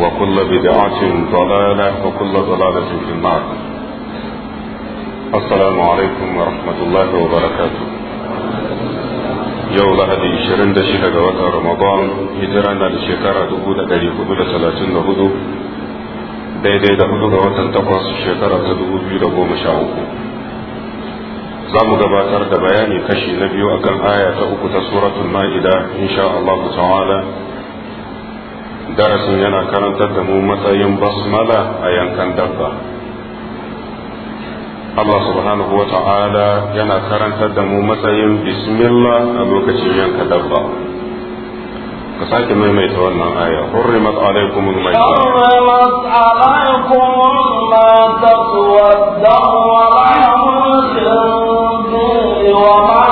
وكل بدعة ضلالة وكل ضلالة في النار السلام عليكم ورحمة الله وبركاته yau lahadi 26 ga watan ramadan hijira na da shekara 434 daidai da hudu ga watan takwas shekara ta 2013 za mu gabatar da bayani kashi na biyu akan aya ta uku ta suratun ma'ida insha Allah darasin yana karantar da mu matsayin basmala a yankan dabba Allah subhanahu wa ta'ala yana karantar da mu matsayin bismillah a lokacin yanka dabba ka sake maimaita wannan aya hurrimat alaikum al-maytah hurrimat alaikum maytah wa ad-dam wa lahmul khinzir wa ma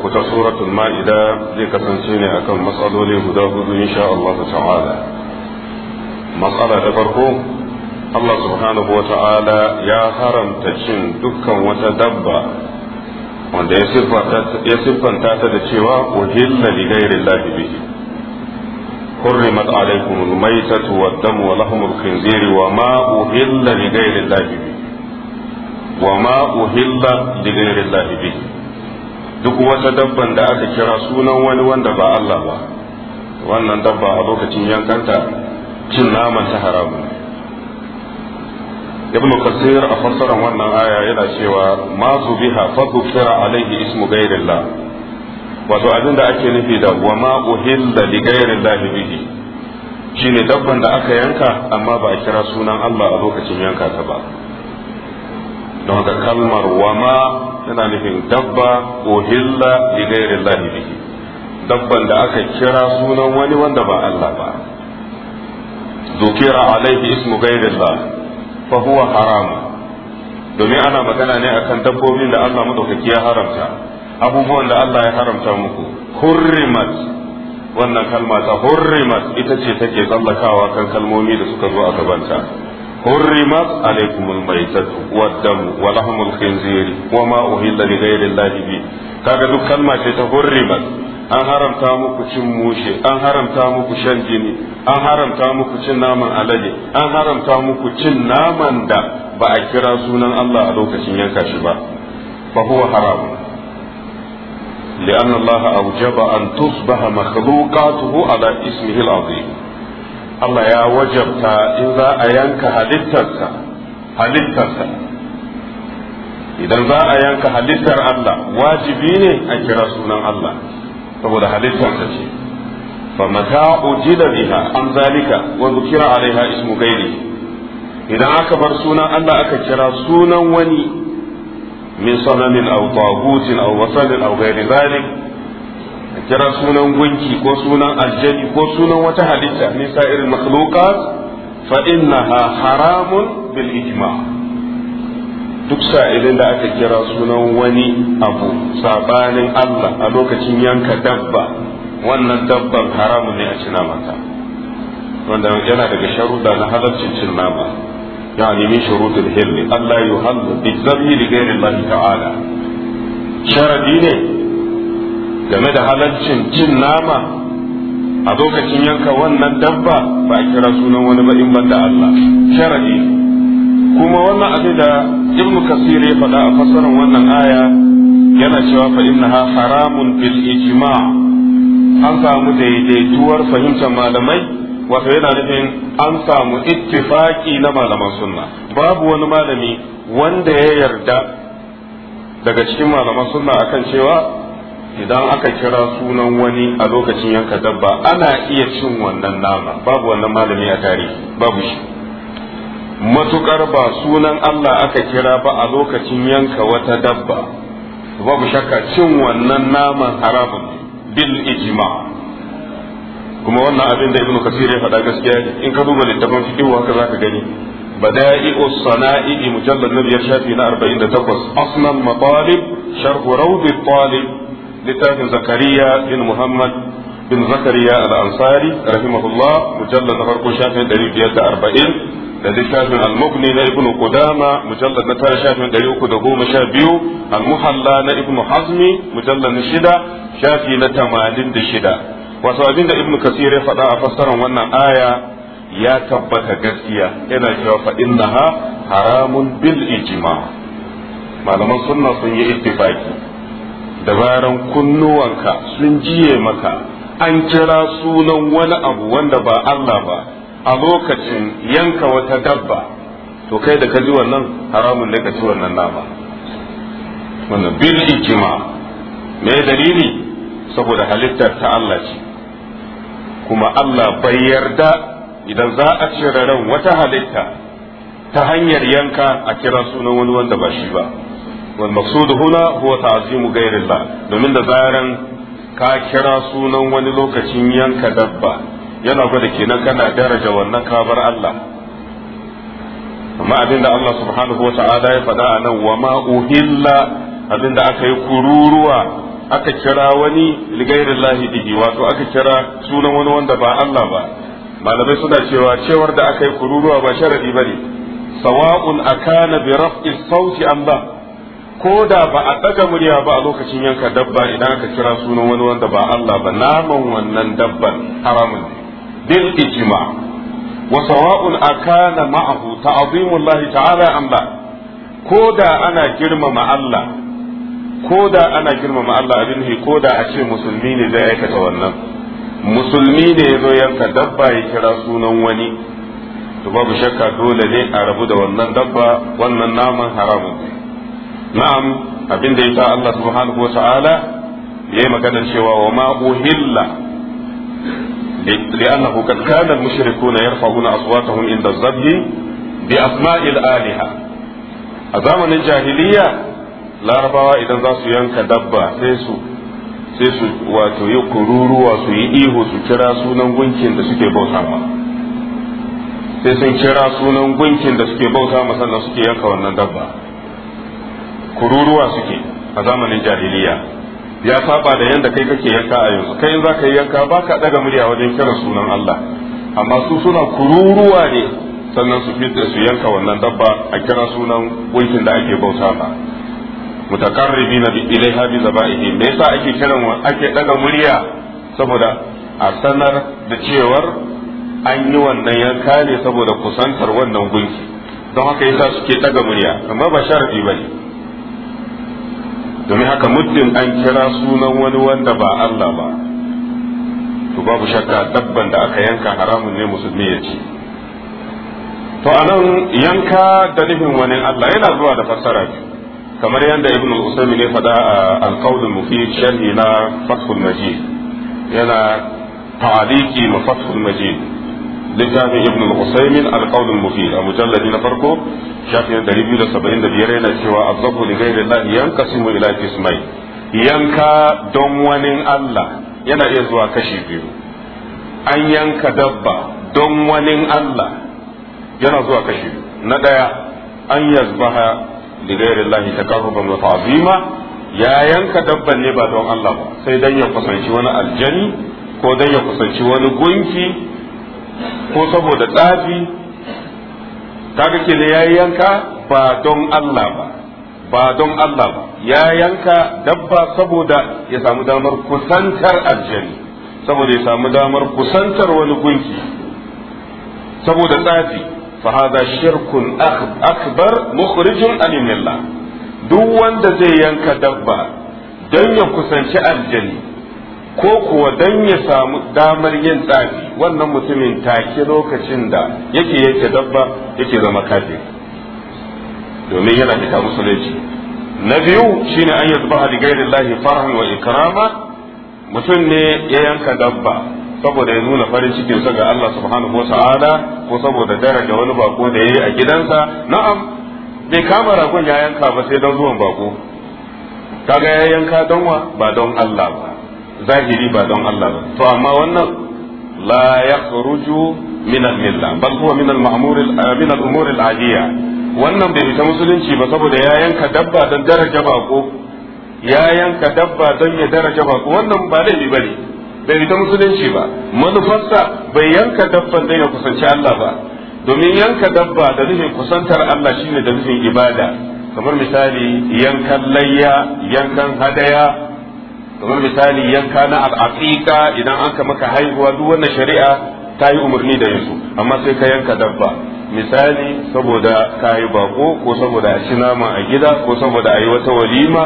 ku ta suratul ma'ida zai kasance ne akan matsaloli guda hudu insha Allah ta'ala matsala ta farko Allah subhanahu wa ta'ala ya haramta cin dukkan wata dabba wanda ya siffanta ta da cewa uhilla li ghairi Allah bihi حرمت عليكم الميتة والدم ولحم الخنزير وما أهل لغير الله به وما أهل لغير الله به duk wata dabban da aka kira sunan wani wanda ba Allah ba wannan dabba a lokacin yankanta cin naman ta haramu ibn kasir a fassara wannan aya yana cewa ma biha fa kira alaihi ismu ghairillah wato abin da ake nufi da wa ma uhilla li ghairillah bihi shine dabban da aka yanka amma ba a kira sunan Allah a lokacin yanka ta ba don haka kalmar wa ma yana nufin dabba hilla li ghairi Allah bihi dabban da aka kira sunan wani wanda ba Allah ba dukira alaihi ismu ghairi Allah fa huwa haram domin ana magana ne akan dabbobin da Allah madaukaki ya haramta abubuwan da Allah ya haramta muku hurrimat wannan kalma ta hurrimat ita ce take tsallakawa kan kalmomi da suka zo a gabanta حرمت عليكم الميتة والدم ولحم الخنزير وما أهل لغير الله به kaga duk kalma ce ta hurrimat an haramta muku cin mushe an haramta muku shan jini an haramta muku cin naman alade an haramta muku cin naman da ba a kira sunan Allah a lokacin yanka shi ba fa huwa haram لأن الله أوجب أن تصبح مخلوقاته على اسمه العظيم Allah ya wajabta in za a yanka halittarsa halittarsa idan za a yanka halittar Allah wajibi ne a kira sunan Allah saboda halittarsa ce فمتى أجد بها عن ذلك وذكر عليها اسم aka إذا sunan سنة ألا أكتر سنة وني من صنم أو طاغوت أو وصل أو غير ذلك kira sunan gunki ko sunan aljani ko sunan wata halitta nisa irin makhluqat fa innaha haramun bil ijma duk sa'ilin da aka kira sunan wani abu sabanin Allah a lokacin yanka dabba wannan dabban haramun ne a cina mata wanda yana daga sharuda na halarcin cin nama يعني من شروط الحل ألا يهل بالذبح لغير الله تعالى شرطي ne game da halaccin cin nama a lokacin yanka wannan dabba ba a kira sunan wani ba in banda Allah sharadi kuma wannan abin da ibn kasir ya faɗa a fassarar wannan aya yana cewa fa innaha haramun bil ijma an samu daidaituwar fahimtar malamai wato yana nufin an samu ittifaki na malaman sunna babu wani malami wanda ya yarda daga cikin malaman sunna akan cewa idan aka kira sunan wani a lokacin yanka dabba ana iya cin wannan nama babu wannan malami a tarihi babu shi matukar ba sunan Allah aka kira ba a lokacin yanka wata dabba babu shakka cin wannan naman haramun bil ijma' kuma wannan abin da ibn kasir ya faɗa gaskiya ne in ka duba littafin fiqh haka zaka gani bada'i'u sana'i mujallad na biyar shafi na 48 asnal matalib sharh rawd talib littafin zakariya bin muhammad bin zakariya al-ansari rahimahullah mujallar na farko shafin 540 da littafin al-mughni na ibn qudama mujallar na tara shafin 312 al-muhalla na ibn hazmi mujallar na shida shafi na 86 wato abinda ibn kasir ya faɗa a fassarar wannan aya ya tabbata gaskiya yana cewa fa innaha haramun bil ijma malaman sunna sun yi ittifaki dabaran kunnuwanka sun jiye maka an kira sunan wani abu wanda ba Allah ba a lokacin yanka wata dabba to kai da ka ji wannan haramun ne ka ci wannan nama wannan bil ijma me dalili saboda halittar ta Allah ce kuma Allah bai yarda idan za a cire ran wata halitta ta hanyar yanka a kira sunan wani wanda ba shi ba wal maqsud huna huwa ta'zimu ghairillah domin da zaran ka kira sunan wani lokacin yanka dabba yana gwada kenan kana daraja wannan kabar Allah amma abinda Allah subhanahu wa ta'ala ya faɗa a nan wa ma uhilla abinda aka yi kururuwa aka kira wani ligairillahi bihi wato aka kira sunan wani wanda ba Allah ba malamai suna cewa cewar da aka yi kururuwa ba sharadi bane sawa'un akana bi raf'i sauti an ba ko da ba a ɗaga murya ba a lokacin yanka dabba idan aka kira sunan wani wanda ba Allah ba naman wannan dabban haramun bil ijma wa sawa'un akana ma'ahu Allah ta'ala am la ko da ana girmama Allah ko da ana girmama Allah abin hi ko da a ce musulmi ne zai aikata wannan musulmi ne yazo yanka dabba ya kira sunan wani to babu shakka dole ne a rabu da wannan dabba wannan naman haramun na'am abin da yasa Allah subhanahu wata'ala yayi magana cewa wa ma uhilla لأنه قد كان المشركون inda zabi bi Asma'il Aliha. A zamanin jahiliya larabawa idan za su yanka dabba sai su sai su wato yi kururuwa su yi ihu su kira sunan gunkin da suke bauta ma sai sun kira sunan gunkin da suke bauta ma sannan suke yanka wannan dabba kururuwa suke a zamanin jahiliya ya saba da yanda kai kake yanka a yanzu kai in zaka yi yanka baka daga murya wajen kiran sunan Allah amma su suna kururuwa ne sannan su fitar su yanka wannan dabba a kira sunan gunkin da ake bauta ba mutakarribina bi ilaiha bi zabaihi me yasa ake kiran ake daga murya saboda a sanar da cewar an yi wannan yanka ne saboda kusantar wannan gunki don haka yasa suke daga murya amma ba sharadi bane domin haka muddin an kira sunan wani wanda ba Allah ba to babu shakka dabban da aka yanka haramun ne musulmi ya ci to anan yanka da nufin wani Allah yana zuwa da fassara kamar yadda ibn al ne fada a al-qawl sharhi na fathul majid yana ta'aliki ma fathul majid littafin ibn al-usaymin al-qawl al-mufid a mujalladi na farko shafi na 275 yana cewa azabu li ghairi allah yankasimu ila qismai yanka don wani allah yana iya zuwa kashi biyu an yanka dabba don wani allah yana zuwa kashi biyu na daya an yazbaha li ghairi allah takarruban wa ta'zima ya yanka dabban ne ba don allah ba sai dan ya kusanci wani aljani ko dan ya kusanci wani gunki ko saboda tsafi kaga ke da yayi yanka ba don Allah ba ba don Allah ba ya yanka dabba saboda ya samu damar kusantar aljani saboda ya samu damar kusantar wani gunki saboda tsafi fa hada shirkun akbar mukhrijun an duk wanda zai yanka dabba don ya kusanci aljani ko kuwa dan ya samu damar yin tsafi wannan mutumin take lokacin da yake yake dabba yake zama kafin. domin yana fita musulunci na biyu shine an yadbaha li ghairillahi farhan wa ikrama mutum ne ya yanka dabba saboda ya nuna farin cikin sa ga Allah subhanahu wa ta'ala ko saboda daraja wani bako da yayi a gidansa na'am bai kama ragon ya yanka ba sai don zuwan bako kaga ya yanka don ba don Allah ba zahiri ba don Allah ba to amma wannan la yakhruju min al-milla bal kuwa minan al-ma'mur eh, wannan bai fita musulunci ba saboda ya yanka dabba don daraja bako ya yanka dabba don ya daraja bako wannan ba laifi ba ne. bai fita musulunci ba manufarsa bai yanka dabba don ya kusanci Allah ba domin yanka dabba da nufin kusantar Allah shine da nufin ibada kamar misali yankan layya yankan hadaya kamar misali yanka na al'aqiqa idan an ka maka haihuwa duk wannan shari'a ta yi umarni da yanzu amma sai ka yanka dabba misali saboda ka yi bako ko saboda a ci nama a gida ko saboda a yi wata walima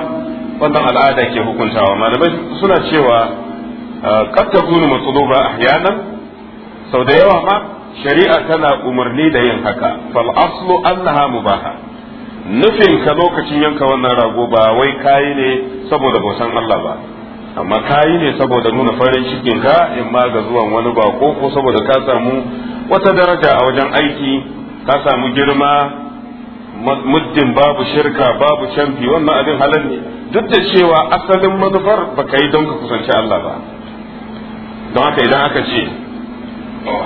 wannan al'ada ke hukuntawa malamai suna cewa ah, qad takunu matluba ahyanan sau da yawa ma shari'a tana umarni da yin haka fal aslu annaha mubaha nufin ka lokacin yanka wannan rago ba wai kayi ne saboda bautan Allah ba amma ka yi ne saboda nuna farin cikin ka in ma ga zuwan wani ba. ko saboda ka samu wata daraja a wajen aiki ka samu girma muddin babu shirka babu canfi wannan abin halal ne duk da cewa asalin manufar ka yi don ka kusanci Allah ba don haka idan aka ce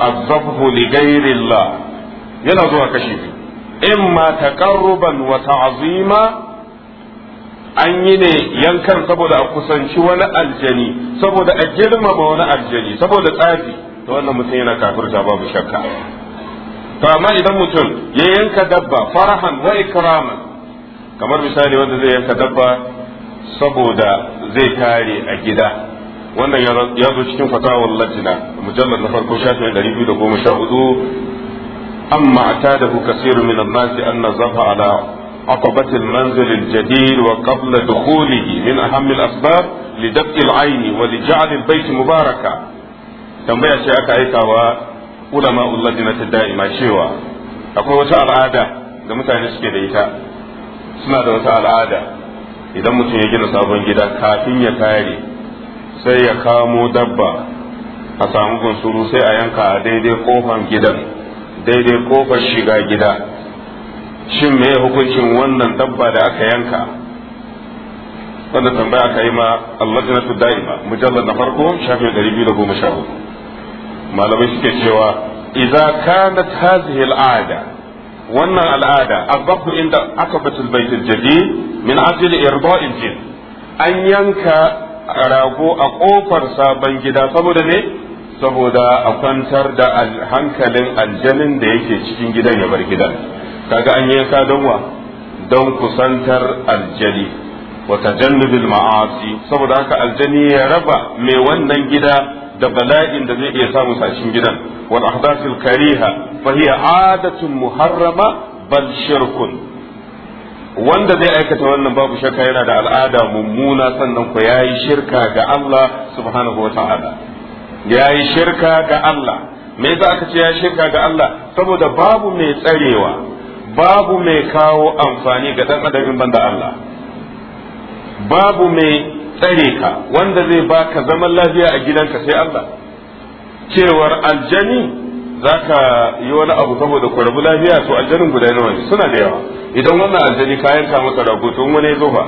azabhu li ghairillah yana zuwa kashi in ma taqarruban wa ta'zima an yi ne yankan saboda a kusanci wani aljani saboda a girmama wani aljani saboda tsafi to wannan mutum yana kafirta babu shakka to amma idan mutum ya yanka dabba farahan wa ikrama kamar misali wanda zai yanka dabba saboda zai tare a gida wannan ya zo cikin fatawar lajina mujallar na farko shafin ɗari biyu da goma sha hudu amma a tada ku kasiru min annasi an na zafa ala عقبة المنزل الجديد وقبل دخوله من أهم الأسباب لدفء العين ولجعل البيت mubaraka. tambaya ce aka aika wa ulama na ta da'ima cewa akwai wata al'ada da mutane suke da ita suna da wata al'ada idan mutum ya gina sabon gida kafin ya kare sai ya kamo dabba a samu gunsuru sai a yanka a daidai kofan daidai kofar shiga gida shin me hukuncin wannan dabba da aka yanka wanda tambaya aka yi ma allajinatu da'ima mujallar na farko sha 214 malamai suke cewa idza kanat hadhihi al'ada wannan al'ada abaku inda aka batul baitul jadi min ajli irda'il jin an yanka rago a kofar sabon gida saboda ne saboda a kwantar da hankalin aljanin da yake cikin gidan ya bar gidan kaga an yanka don don kusantar aljani wa tajannubil ma'asi saboda haka aljani ya raba mai wannan gida da bala'in da zai iya samu sashin gidan wal ahdathil kariha fa hiya adatun muharrama bal shirkun wanda zai aikata wannan babu shakka yana da al'ada mummuna sannan ku yayi shirka ga Allah subhanahu wa yayi shirka ga Allah me yasa aka ce ya shirka ga Allah saboda babu mai tsarewa babu mai kawo amfani ga dan adamin banda Allah babu mai tsare ka wanda zai baka zaman lafiya a gidanka sai Allah cewar aljani zaka yi wani abu saboda ku rabu lafiya su aljanin guda nawa wani suna da yawa idan wannan aljani ka yanka masa rago to wani zo ba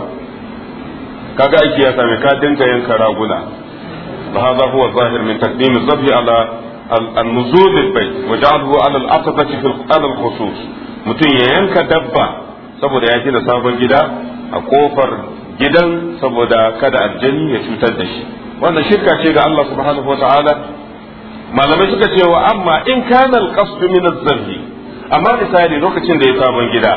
kaga aiki ya same ka dinga yanka raguna فهذا هو الظاهر من تقديم الذبح على النزول البيت وجعله على العتبة في على khusus mutum ya yanka dabba saboda ya gina sabon gida a kofar gidan saboda kada aljani ya cutar da shi wannan shirka ce ga Allah subhanahu wataala malamai suka ce wa amma in kana alqasdu min az-zarhi amma misali lokacin da ya sabon gida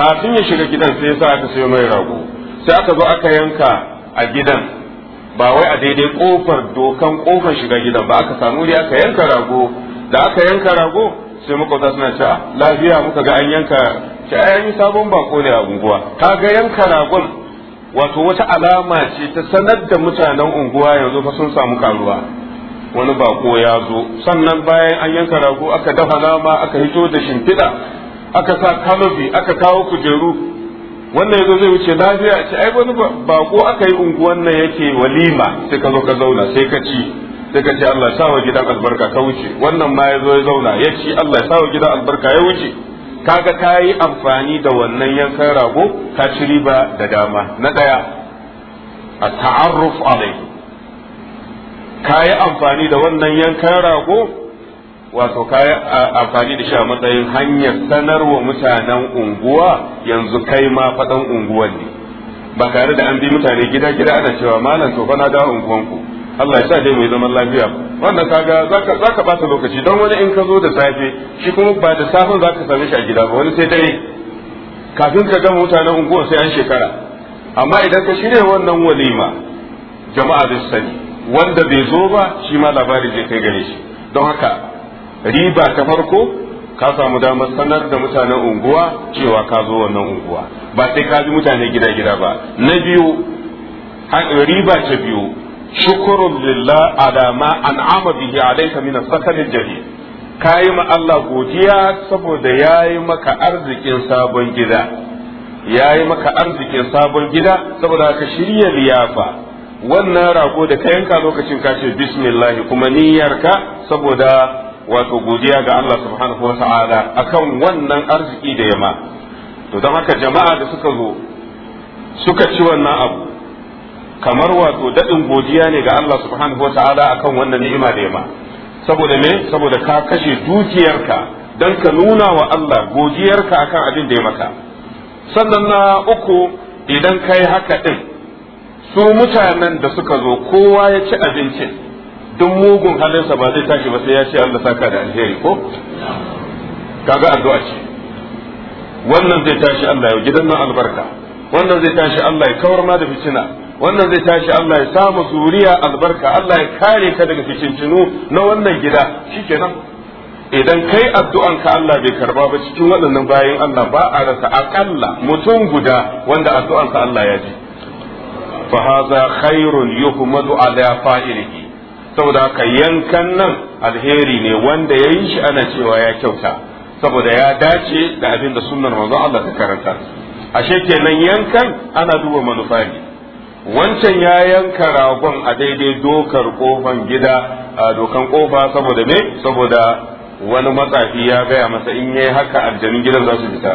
kafin ya shiga gidan sai ya sa aka sayo mai rago sai aka zo aka yanka a gidan ba wai a daidai kofar dokan kofar shiga gidan ba aka samu ne aka yanka rago da aka yanka rago sai makwabta suna cewa lafiya muka ga an yanka ce ai yi sabon bako ne a unguwa kaga yanka ragon wato wata alama ce ta sanar da mutanen unguwa yanzu fa sun samu karuwa wani bako ya zo sannan bayan an yanka rago aka dafa nama aka hito da shimfiɗa aka sa kalobi aka kawo kujeru wannan yazo zai wuce lafiya ce ai wani bako aka yi unguwan nan yake walima sai ka zo ka zauna sai ka ci sai ka ce Allah ya sawa gidan albarka ka wuce wannan ma ya zo ya zauna ya ci Allah ya sawa gidan albarka ya wuce kaga ka yi amfani da wannan yankan rago ka ci riba da dama na daya a ta'arruf alai ka yi amfani da wannan yankan rago wato ka yi amfani da shi a matsayin hanyar sanarwa mutanen unguwa yanzu kai ma faɗan unguwan ne ba tare da an bi mutane gida gida ana cewa malam to fa na da unguwanku Allah ya sa dai mai zaman lafiya wannan kaga zaka zaka bata lokaci don wani in ka zo da safe shi kuma ba da safin zaka same shi a gida ba wani sai dare kafin ka gama mutanen unguwa sai an shekara amma idan ka shirya wannan walima jama'a da sani wanda bai zo ba shi ma labarin zai kai gare shi don haka riba ta farko ka samu damar sanar da mutanen unguwa cewa ka zo wannan unguwa ba sai ka bi mutane gida gida ba na biyu riba ta biyu shukurun lillah ala ma an'ama bihi alayka min as-sakalil jadid kayi ma Allah godiya saboda yayi maka arzikin sabon gida yayi maka arzikin sabon gida saboda ka shirya liyafa wannan rago da ka yanka lokacin ka ce bismillah kuma niyyarka saboda wato godiya ga Allah subhanahu wa ta'ala akan wannan arziki da yama to don haka jama'a da suka zo suka ci wannan abu kamar wato daɗin godiya ne ga Allah subhanahu wa ta'ala akan wannan ni'ima da yamma saboda me saboda ka kashe dukiyarka dan ka nuna wa Allah godiyarka akan abin da ya maka sannan na uku idan kai haka din su mutanen da suka zo kowa ya ci abincin duk mugun halinsa ba zai tashi ba sai ya ce Allah saka da alheri ko kaga addu'a ce wannan zai tashi Allah ya gidan albarka wannan zai tashi Allah ya kawar ma da fitina wannan zai tashi Allah ya samu zuriya albarka Allah ya kare ka daga fitintinu na wannan gida shikenan idan kai addu'an ka Allah bai karba ba cikin waɗannan bayan Allah ba a rasa akalla mutum guda wanda addu'an Allah ya ji fa hadha khairun yuhmadu ala fa'ilihi saboda haka yankan nan alheri ne wanda ya yi shi ana cewa ya kyauta saboda ya dace da abin da sunnar manzon Allah ta karanta ashe kenan yankan ana duba manufa ne wancan ya yanka ragon a daidai dokar kofan gida a dokan kofa saboda me saboda wani matsafi ya gaya masa in yayi haka aljanin gidan za su fita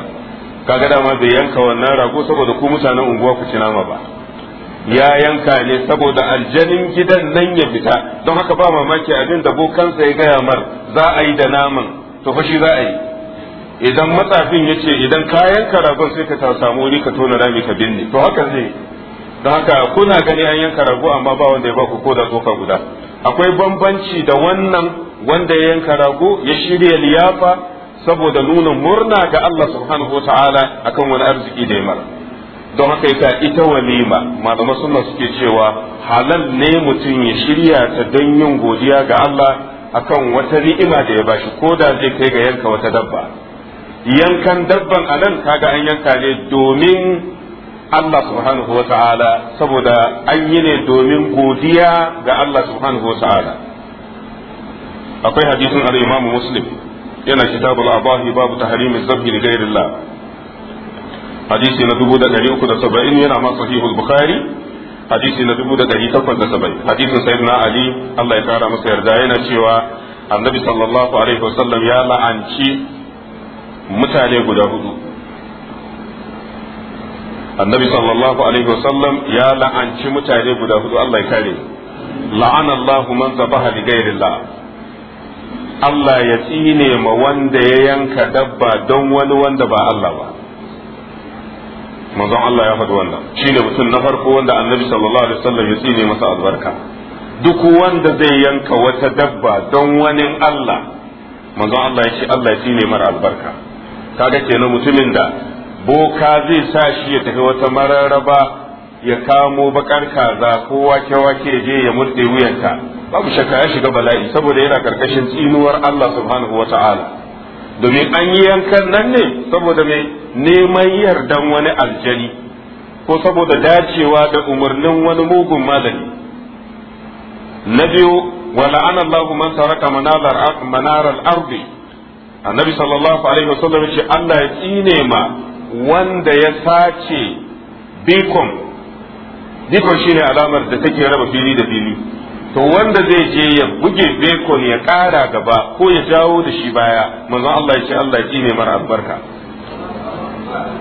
kaga dama bai yanka wannan rago saboda ku mutanen unguwa ku ci nama ba ya yanka ne saboda aljanin gidan nan ya fita don haka ba mamaki abin da kansa ya gaya mar za a yi da naman to fashi za a yi idan matsafin ya ce idan ka yanka ragon sai ka samu wuri ka tona rami ka binne to haka zai don haka kuna gani an yanka rago amma ba wanda ya ba ku ko da tsoka guda akwai bambanci da wannan wanda ya yanka rago ya shirya liyafa saboda nuna murna ga Allah subhanahu wa ta'ala akan wani arziki da ya mara don haka yasa ita walima malama sunna suke cewa halal ne mutum ya shirya ta don yin godiya ga Allah akan wata ni'ima da ya bashi ko da zai kai ga yanka wata dabba yankan dabban anan kaga an yanka ne domin Allah subhanahu wa ta'ala saboda an yi ne domin godiya ga Allah subhanahu wa ta'ala akwai hadisin al-Imam Muslim yana kitabul abahi babu tahrim az-zabhi da ghayrillah hadisi na saba'in yana ma sahihul bukhari hadisi na 1870 hadisin na ali Allah ya kara masa yarda yana cewa annabi sallallahu alaihi wasallam ya la'anci mutane guda hudu annabi sallallahu alaihi wasallam ya la'anci mutane guda hudu Allah ya kare la'ana Allah man zabaha li ghairillah Allah ya tsine ma wanda ya yanka dabba don wani wanda ba Allah ba manzon Allah ya faɗi wannan Shi ne mutum na farko wanda annabi sallallahu alaihi wasallam ya tsine masa albarka duk wanda zai yanka wata dabba don wani Allah manzon Allah ya ce Allah ya tsine mara albarka Ta kenan mutumin da boka zai sa shi ya tafi wata mararraba ya kamo bakar kaza ko wake-wake je ya murde wuyanka. babu shakka ya shiga bala'i saboda yana karkashin tsinuwar Allah subhanahu wa ta'ala domin an yi yankan nan ne saboda mai neman yardan wani aljani ko saboda dacewa da umarnin wani mugun malami na biyu ولعن الله من manar al منار annabi sallallahu alaihi wasallam ya ce Allah ya tsine ma. wanda ya sace bikon bikon shine alamar da take raba fili da fili to wanda zai je ya buge bikon ya ƙara gaba ko ya jawo da shi baya manzon Allah ya ce Allah ya ne mara albarka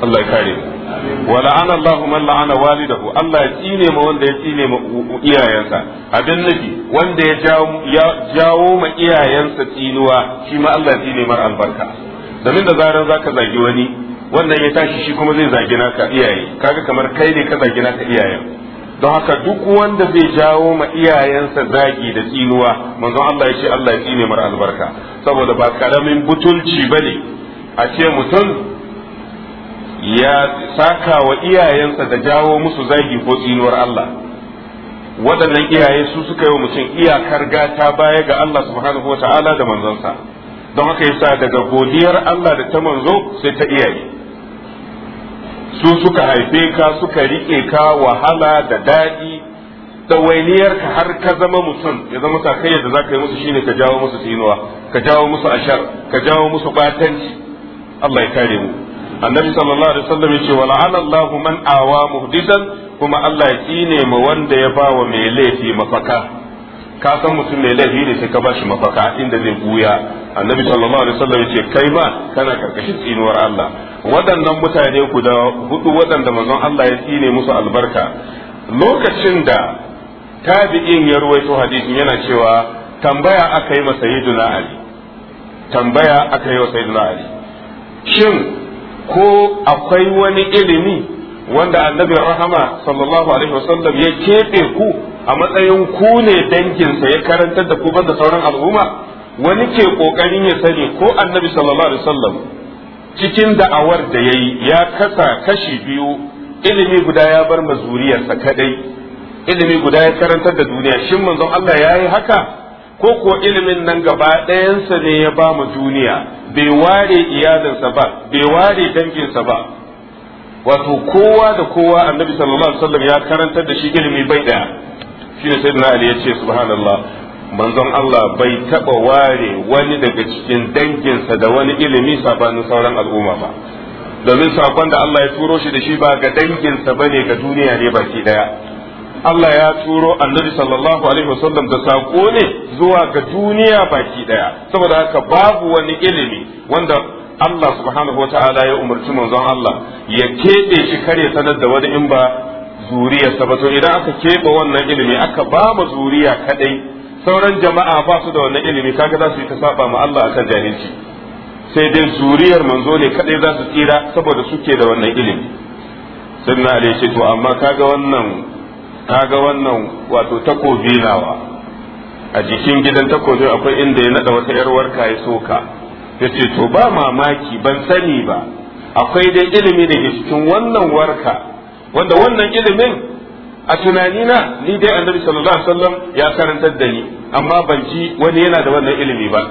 Allah ya kare Wa man ولعن الله من لعن والده الله يتيني ما وند يتيني ما iyayensa abin nufi wanda ya jawo ma iyayensa tsinuwa shi ma Allah ya tsine mara albarka domin da zaran zaka zagi wani wannan ya tashi shi kuma zai zagi naka iyaye kaga kamar kai ne ka zagi naka iyayen don haka duk wanda zai jawo ma iyayensa zagi da tsinuwa manzon Allah ya ce Allah ya tsine mara albarka saboda ba karamin butulci ne, a ce mutum ya saka wa iyayensa da jawo musu zagi ko tsinuwar Allah waɗannan iyaye su suka yi wa mutum iyakar gata baya ga Allah subhanahu wa ta'ala da manzonsa don haka yasa daga godiyar Allah da ta manzo sai ta iyaye su suka haife ka suka rike ka wahala da daɗi ɗawainiyar ka har ka zama mutum ya zama kai da za ka yi musu shine ka jawo musu sinuwa ka jawo musu ashar ka jawo musu batanci Allah ya kare mu annabi sallallahu alaihi wasallam yace wala Allahu man awa muhdisan kuma Allah ya tsine ma wanda ya bawa mai laifi mafaka ka san mutum mai laifi ne sai ka shi mafaka inda zai buya annabi sallallahu alaihi wasallam yace kai ma kana karkashin tsinuwar Allah waɗannan mutane da hudu waɗanda manzon Allah ya tsine musu albarka lokacin da tabi'in ya ruwaito hadisin yana cewa tambaya aka yi masa Ali tambaya aka yi wa sayyiduna Ali shin ko akwai wani ilimi wanda annabi rahama sallallahu alaihi wasallam ya keɓe ku a matsayin ku ne danginsa ya karantar da ku da sauran al'umma wani ke ƙoƙarin ya sani ko annabi sallallahu alaihi wasallam cikin da'awar da yayi ya kasa kashi biyu ilimi guda ya bar mazuriyarsa kadai ilimi guda ya karantar da duniya shin manzon Allah ya yi haka ko ko ilimin nan gaba ɗayansa ne ya ba mu duniya bai ware iyalinsa ba bai ware danginsa ba wato kowa da kowa annabi sallallahu alaihi wasallam ya karantar da shi ilimi bai daya shine sayyidina ali ya ce subhanallah manzon Allah bai taba ware wani daga cikin danginsa da wani ilimi sabanin sauran al'umma ba domin sakon da Allah ya turo shi da shi ba ga danginsa bane ga duniya ne baki daya Allah ya turo annabi sallallahu alaihi wasallam da sako ne zuwa ga duniya baki daya saboda haka babu wani ilimi wanda Allah subhanahu wata'ala ya umarci manzon Allah ya keɓe shi kare sanar da wani in ba zuriyarsa ba to idan aka keɓe wannan ilimi aka ba ma zuriya kadai sauran jama'a ba su da wannan ilimi kaga za su yi ta saba ma Allah akan jahilci sai dai zuriyar manzo ne kadai za su tsira saboda suke da wannan ilimi sunna alayhi shi to amma kaga wannan kaga wannan wato takobi nawa a jikin gidan takobi akwai inda ya nada wata yar warka ya soka ya ce to ba mamaki ban sani ba akwai dai ilimi da ke cikin wannan warka wanda wannan ilimin a tunanina ni dai annabi sallallahu alaihi wasallam ya karantar da ni amma ban ji wani yana da wannan ilimi ba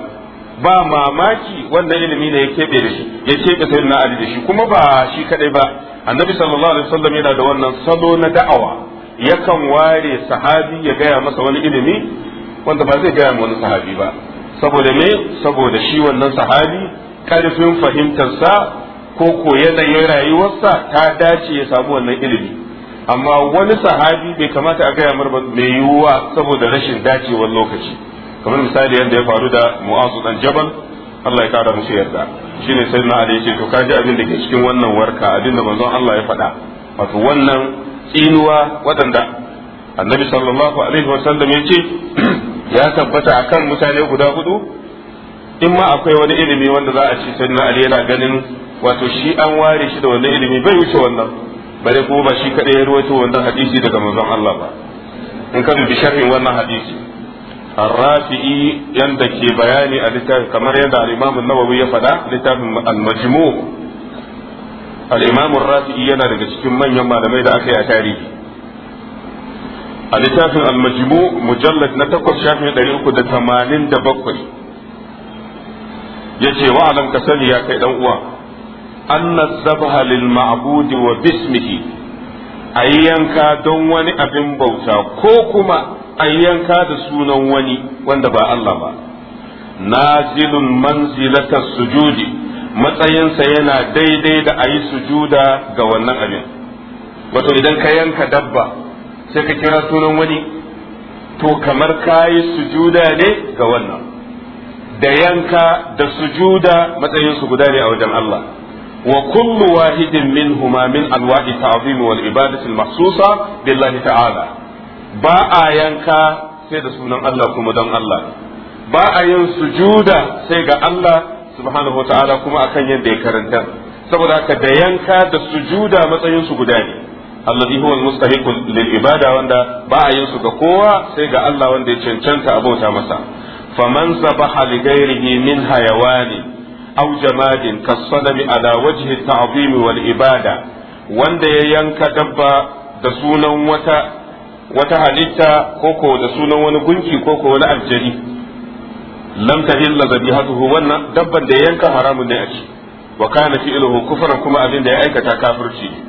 ba mamaki wannan ilimi ne ya keɓe da shi ya keɓe na ali da shi kuma ba shi kadai ba annabi sallallahu alaihi wasallam yana da wannan salo na da'awa yakan ware sahabi ya gaya masa wani ilimi wanda ba zai gaya wani sahabi ba saboda me saboda shi wannan sahabi karfin fahimtarsa ko da rayuwarsa ta dace ya samu wannan ilimi amma wani sahabi bai kamata a gaya mar mai yiwuwa saboda rashin dacewar lokaci kamar misali yadda ya faru da mu'azu dan jabal Allah ya kara musu yarda shine sai na Ali ce to ka ji abin da ke cikin wannan warka abin da manzon Allah ya faɗa wato wannan tsinuwa waɗanda annabi sallallahu alaihi wasallam ya ce ya tabbata akan mutane guda hudu in ma akwai wani ilimi wanda za a ci sayyidina ali yana ganin wato shi an ware shi da wannan ilimi bai wuce wannan bare kuma ba shi kadai ya ruwaito wannan hadisi daga manzon Allah ba in ka bi sharhin wannan hadisi A rafi'i ke bayani al-imam an-nawawi ya fada يندى al-majmu' al imam ar rafi'i yana daga cikin manyan malamai da aka yi a tarihi a littafin almajimu mujallad na takwas shafin ɗari uku da tamanin da bakwai ya ce ka sani kai ɗan uwa an na zabaha lil ma'budi wa bismihi a yanka don wani abin bauta ko kuma a yanka da sunan wani wanda ba Allah ba nazilun manzilatar sujudi matsayinsa yana daidai da a yi sujuda ga wannan abin wato idan ka yanka dabba sai ka kira sunan wani to kamar kayi sujuda ne ga wannan da yanka da sujuda matsayin su guda ne a wajen Allah wa kullu wahidin huma min alwa'i ta'azimi wal ibadati al billahi ta'ala ba a yanka sai da sunan Allah kuma don Allah ba a yin sujuda sai ga Allah subhanahu wa ta'ala kuma akan yadda ya karanta saboda haka da yanka da sujuda matsayin su guda ne alladhi huwa almustahiq lilibada wanda ba a yin ga kowa sai ga Allah wanda ya cancanta abota masa faman sabaha li ghairihi min hayawani aw jamadin kasadami ala wajhi ta'zim wal ibada wanda ya yanka dabba da sunan wata wata halitta koko da sunan wani gunki koko wani aljari lam tahilla zabihatuhu wannan dabban da yanka haramun ne a ci wa kana fi'luhu kufran kuma abin da ya aikata kafirci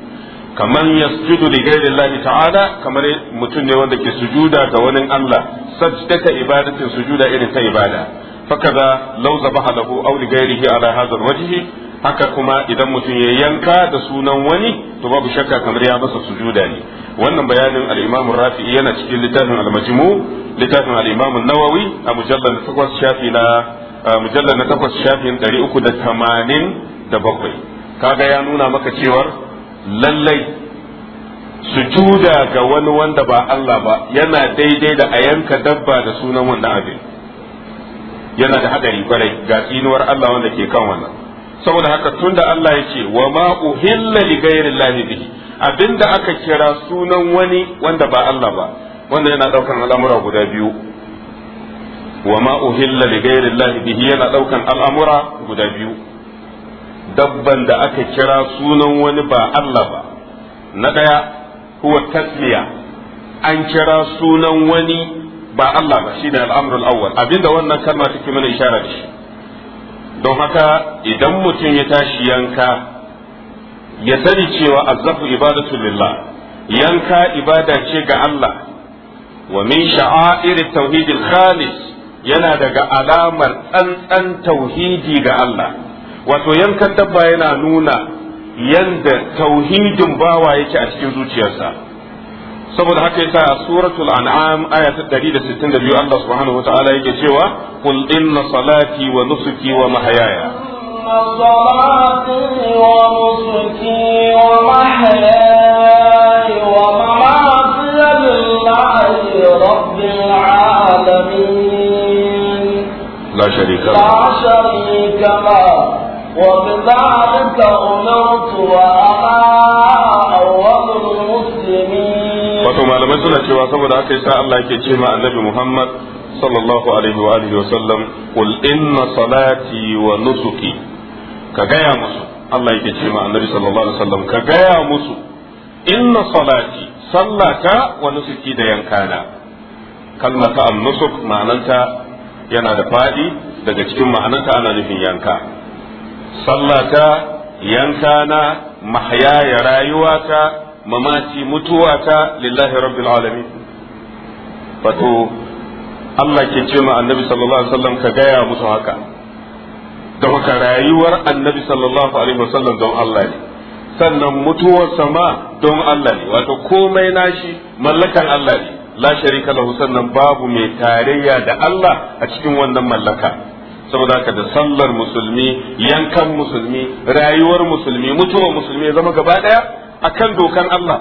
kaman yasjudu li ghairillahi ta'ala kamar mutum ne wanda ke sujuda ga wani Allah sajdata ibadatin sujuda irin ta ibada fakaza law zabaha lahu aw li ghairihi ala hadha alwajhi haka kuma idan mutum ya yanka da sunan wani to babu shakka kamar ya masa sujuda ne wannan bayanin al-Imam Rafi'i yana cikin littafin al-Majmu littafin al-Imam nawawi a mujallal 8 shafi na mujallal na 8 shafin 387 kaga ya nuna maka cewar lallai su sujuda ga wani wanda ba Allah ba yana daidai da a yanka dabba da sunan wannan abin yana da hadari kwarai ga tsinuwar Allah wanda ke kan wannan saboda haka tunda Allah ya ce wa ma uhilla li ghairi bihi abinda aka kira sunan wani wanda ba Allah ba wanda yana daukan al'amura guda biyu wa ma uhilla li ghairi bihi yana daukan al'amura guda biyu dabban da aka kira sunan wani ba Allah ba na ɗaya huwa tasliya an kira sunan wani ba Allah ba shine al'amrul awwal abinda wannan kalma take mana ishara da shi don haka idan mutum ya tashi yanka ya sani cewa azzafu ibadatu lillah yanka ibada ce ga Allah wa min sha'air tauhidil khalis yana daga alamar tsantsan tauhidi ga Allah wato yankan dabba yana nuna yanda tauhidin bawa yake a cikin zuciyarsa saboda haka yasa a suratul an'am aya ta 162 Allah subhanahu wataala yake cewa qul inna salati wa nusuki wa mahayaya صلاتي ونسكي ومحياي ومماتي لله رب العالمين لا شريك له لا شريك له وبذلك أمرت وأنا أول المسلمين wato malamai suna cewa saboda haka sa, Allah yake ce ma annabi Muhammad sallallahu alaihi wa wa sallam qul salati wa nusuki ka gaya musu Allah yake ce ma annabi sallallahu alaihi wa sallam ka gaya musu inna salati sallata wa nusuki da yankana kalmata an nusuk ma'ananta yana da fadi daga cikin ma'ananta ana nufin yanka sallata yankana mahayaya rayuwata mamaci mutuwata lillahi rabbil alamin wato Allah ke ce ma annabi sallallahu alaihi wasallam ka gaya musu haka da haka rayuwar annabi sallallahu alaihi wasallam don Allah ne sannan mutuwar ma don Allah ne wato komai nashi mallakan Allah ne la sharika lahu sannan babu mai tarayya da Allah a cikin wannan mallaka saboda haka da sallar musulmi yankan musulmi rayuwar musulmi mutuwar musulmi ya zama gaba daya akan dokan Allah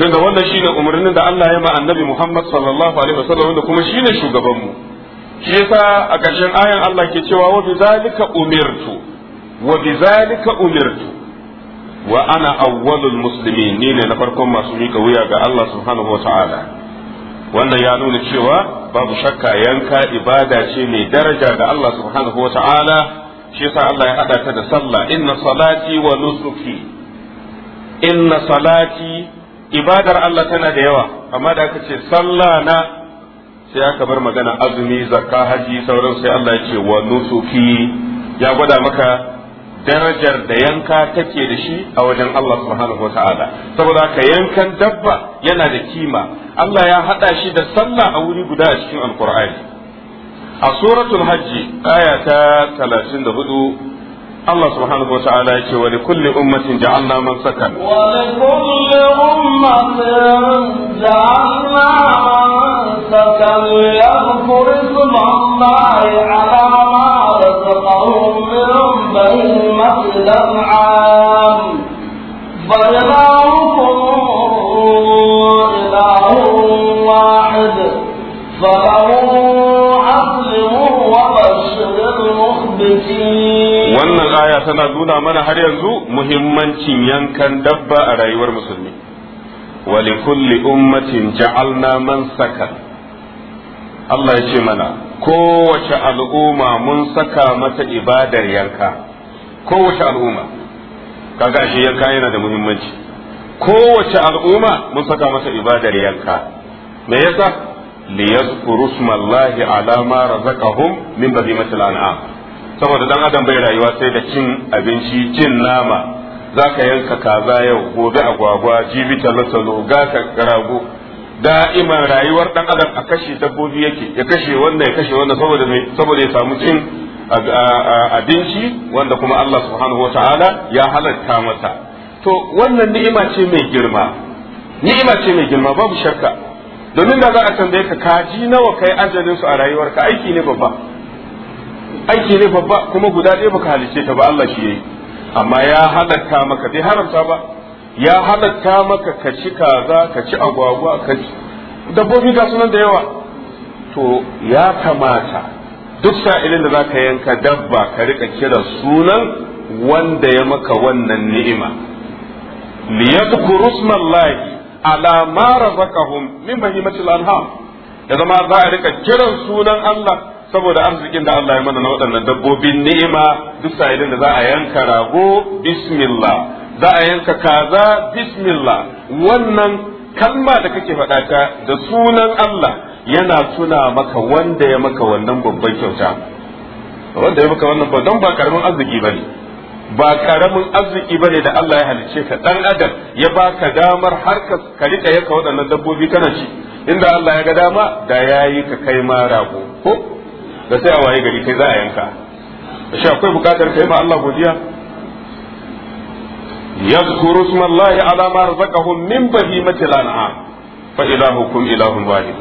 tunda wannan shine umarnin da Allah ya ma annabi Muhammad sallallahu alaihi wasallam wanda kuma shine shugaban mu shi yasa a ƙarshen ayan Allah ke cewa wa bizalika umirtu wa bizalika umirtu wa ana awwalul muslimin ni ne na farkon masu mika wuya ga Allah subhanahu wa ta'ala wanda ya nuna cewa babu shakka yanka ibada ce mai daraja ga Allah subhanahu wa ta'ala shi yasa Allah ya hada ta da sallah inna salati wa nusuki inna salati ibadar Allah tana da yawa amma da aka ce sallah na sai aka bar magana azumi zakka haji sauran sai Allah ya ce wa nusuki ya gwada maka darajar da yanka take da shi a wajen Allah subhanahu wataala saboda ka yankan dabba yana da kima Allah ya hada shi da sallah a wuri guda a cikin alkur'ani a suratul hajji aya ta 34 Allah subhanahu wataala ya ce wa li kulli ummatin ja'alna man sakan wa li kulli ummatin ja'alna man sakan yadhkuru isma ala ma إله واحد أسلموا وبشر المخبتين wannan aya tana nuna mana har yanzu muhimmancin yankan dabba a rayuwar musulmi ولكل أمة جعلنا من سكن Allah ya ce mana kowace al'umma mun saka mata ibadar yanka kowace al'umma kaga shi yanka yana da muhimmanci kowace al'umma mun saka mata ibadar yanka me yasa yazkuru smallahi ala ma razaqahum min bahimatil an'am saboda dan adam bai rayuwa sai da cin abinci cin nama zaka yanka kaza yau gobe agwagwa jibi talotalo gaka rago Da'ima rayuwar dan adam a kashe dabbobi yake ya kashe wannan ya kashe wannan saboda mai saboda ya samu cin abinci wanda kuma Allah subhanahu ta'ala ya halatta masa to wannan ni'ima ce mai girma ni'ima ce mai girma babu shakka domin da za a san ka kaji nawa kai ajalin su a rayuwar ka aiki ne babba aiki ne babba kuma guda ɗaya baka halice ta ba Allah shi yayi amma ya halatta maka bai haramta ba ya halatta maka ka ci kaza ka ci agwagwa ka ci dabbobi ga sunan da yawa to ya kamata duk sa'ilin da zaka yanka dabba ka rika kira sunan wanda ya maka wannan ni'ima yadhkuru smallahi ala ma razaqahum min bahimatil anham ya zama za a rika kiran sunan Allah saboda arzikin da Allah ya mana na waɗannan dabbobin ni'ima duk sa'ilin da za a yanka rago bismillah za a yanka kaza bismillah wannan kalma da kake faɗa ta da sunan Allah yana tuna maka wanda ya maka wannan babban kyauta wanda ya maka wannan babban ba karamin arziki bane ba karamin arziki bane da Allah ya halice ka dan adam ya baka damar har ka rika yaka waɗannan dabbobi kana ci inda Allah ya ga dama da yayi ka kai ma rago ko da sai a waye gari kai za a yanka shi akwai bukatar kai ma Allah godiya يذكر اسم الله على ما رزقهم من بهيمة الأنعام فإلهكم إله واحد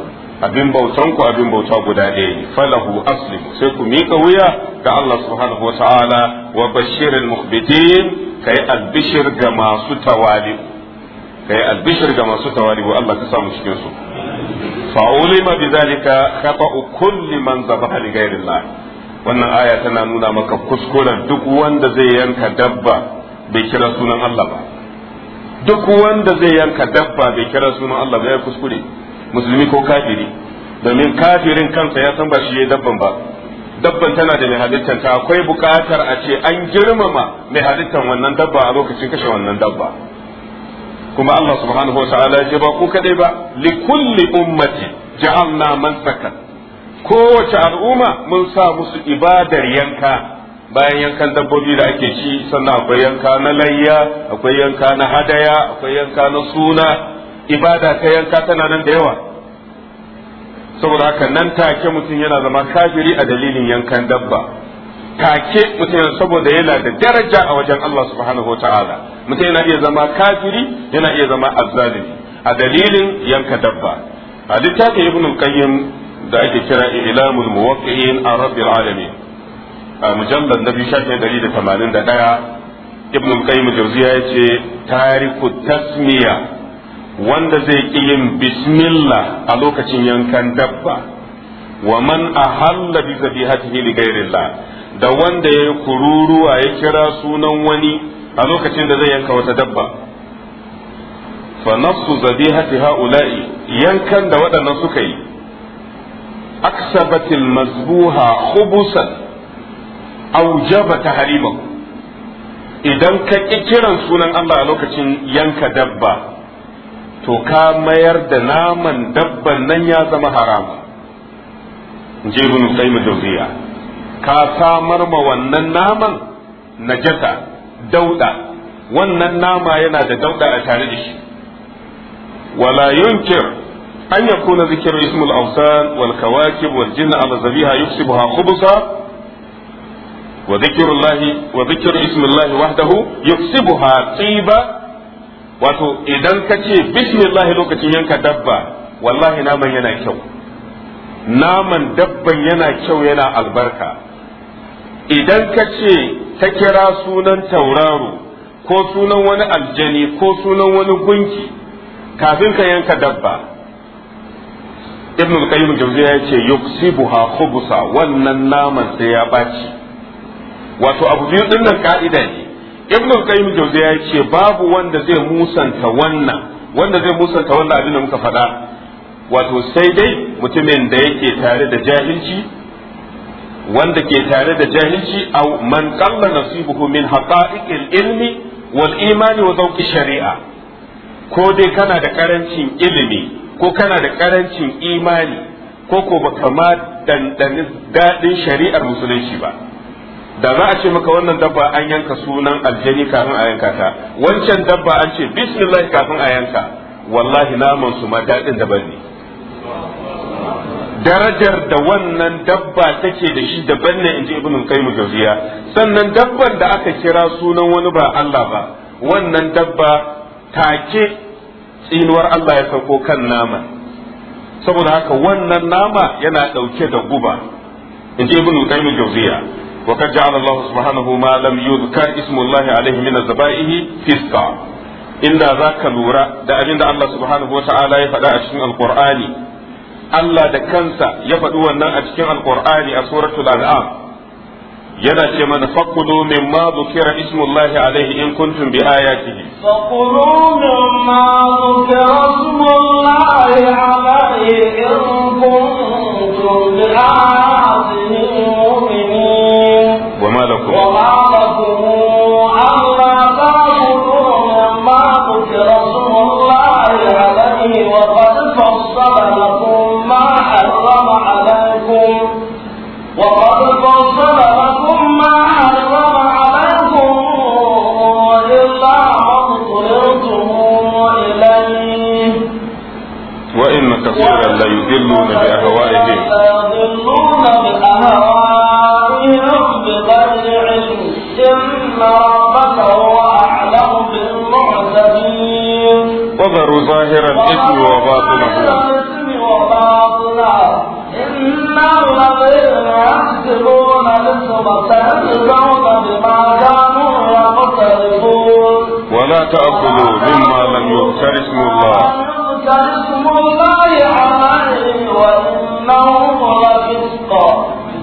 abin bautan ku abin bauta guda ɗaya ne falahu aslimu sai ku mika wuya ga Allah subhanahu wata'ala wa bashirin mukhbitin kai albishir ga masu tawali kai albishir ga masu tawali Allah ka samu cikin su fa ulima bidhalika khata'u kulli man zabaha li ghairillah wannan aya tana nuna maka kuskuren duk wanda zai yanka dabba bai kira sunan Allah ba duk wanda zai yanka dabba bai kira sunan Allah ba ya kuskure musulmi ko kafiri domin kafirin kansa ya san ba shi yayi dabban ba dabban tana da mai halittar ta akwai bukatar a ce an girmama mai halittar wannan dabba a lokacin kashe wannan dabba kuma Allah subhanahu wa ta'ala ya ba ku kadai ba li kulli ummati ja'alna mansaka kowace al'umma mun sa musu ibadar yanka bayan yankan dabbobi da ake ci sannan akwai yanka na layya akwai yanka na hadaya akwai yanka na suna ibada ta yanka tana nan da yawa saboda haka nan take mutum yana zama kafiri a dalilin yankan dabba take mutum yana saboda yana da daraja a wajen Allah subhanahu ta'ala. mutum yana iya zama kafiri yana iya zama azzalimi a dalilin yanka dabba a littafin ibn al-qayyim da ake kira ilamul muwaqqi'in a rabbil alamin mujallar na biyu shafi dari da tamanin da ɗaya ibn qayyim jauziya ya ce tariku tasmiya wanda zai ƙi yin bismillah a lokacin yankan dabba wa man ahalla bi zabihatihi li ghayrillah da wanda ya kururuwa ya kira sunan wani a lokacin da zai yanka wata dabba fa zabihati haula'i yankan da waɗannan suka yi aksabatil mazbuha khubusan aujaba tahrimahu idan ka ƙi kiran sunan Allah a lokacin yanka dabba to ka mayar da naman dabban nan ya zama haram je ibn qayyim jawziya ka samar ma wannan naman najasa dauda wannan nama yana da dauda a tare da shi wala yunkir an yakuna zikru ismul awsan wal kawakib wal jinn ala zabiha khubsa wa zikirullahi wa zikiru ismillahi wahdahu yusibuha tsiba wato idan kace ce bismillahi lokacin yanka dabba wallahi naman yana kyau naman dabban yana kyau yana albarka idan ka ta kira sunan tauraro ko sunan wani aljani ko sunan wani gunki kafin ka yanka dabba ibn al-qayyim jawziya yace yuksibuha khubusa wannan naman sai ya ɓaci. wato abu biyu din ka'ida ne ibn qayyim jawziya ya ce babu wanda zai musanta wannan wanda zai musanta wannan abin da muka faɗa wato sai dai mutumin da yake tare da jahilci wanda ke tare da jahilci aw man qalla nasibuhu min haqa'iqil ilmi wal imani wa zawqi shari'a ko dai kana da karancin ilimi ko kana da karancin imani ko ko baka ma dandanin dadin shari'ar musulunci ba da za a ce maka wannan dabba an yanka sunan aljani kafin a yanka ta wancan dabba an ce bismillah kafin a yanka wallahi naman su ma daɗin da ne darajar da wannan dabba take da shi daban ne in ji qayyim jawziya sannan dabban da aka kira sunan wani ba Allah ba wannan dabba take tsinuwar Allah ya sauko kan nama saboda haka wannan nama yana ɗauke da guba in ji qayyim jawziya وقد جعل الله سبحانه ما لم يذكر اسم الله عليه من inda za ka lura da abin da Allah subhanahu wa ta'ala ya faɗa a cikin alkur'ani Allah da kansa ya faɗi wannan a cikin alkur'ani a suratul al'am yana ce mana fakulu min ma zukira ismullahi alaihi in kuntum bi ayatihi fakulu min ma zukira ismullahi alaihi in kuntum bi يضلون بأهوائهم يضلون بأهوائهم بغير علم إن ربك هو أعلم بالمعتدين وذروا ظاهر الإثم وباطنه إن الذين يحسبون الإثم سيجزون بما كانوا يقترفون ولا تأكلوا مما لم يذكر اسم الله يذكر اسم الله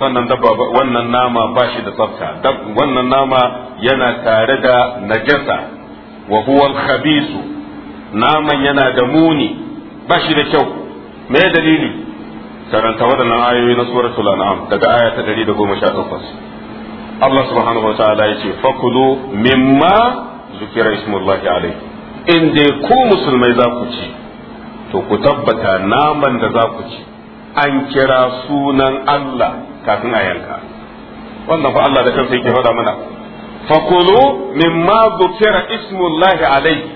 wannan dabba wannan nama ba shi da tsafta wannan nama yana tare da najasa wa huwa khabisu naman yana da muni ba shi da kyau me dalili karanta waɗannan ayoyi na suratul an'am daga aya ta 118 Allah subhanahu wa ta'ala yace fakulu mimma zukira ismullahi alayhi in dai ku musulmai za ku ci to ku tabbata naman da za ku ci an kira sunan Allah kafin a yanka wannan fa Allah da kansa yake faɗa mana fakulu mimma ismu ismullahi alayhi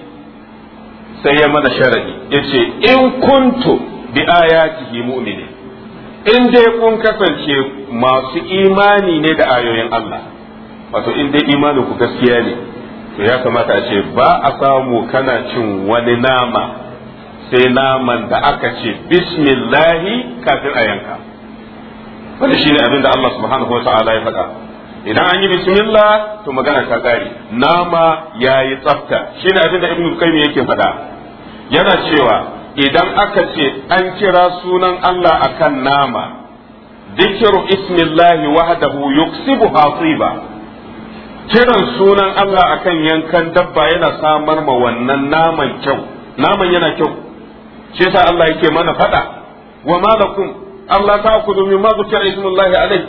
sai ya mana sharadi yace in kuntu bi ayatihi mu'minin in dai kun kasance masu imani ne da ayoyin Allah wato in dai imanin ku gaskiya ne to ya kamata a ce ba a samu kana cin wani nama sai naman da aka ce bismillahi kafin a yanka wanda shine abin da Allah subhanahu wata'ala ya faɗa idan an yi bismillah to magana ta kare nama yayi tsafta shine abin da ibnu qayyim yake faɗa yana cewa idan aka ce an kira sunan Allah akan nama dikiru ismillahi wahdahu yuksibu hasiba kiran sunan Allah akan yankan dabba yana samar ma wannan naman kyau naman yana kyau shi yasa Allah yake mana faɗa wa malakum Allah ta ku domin ma zukira ismullahi alai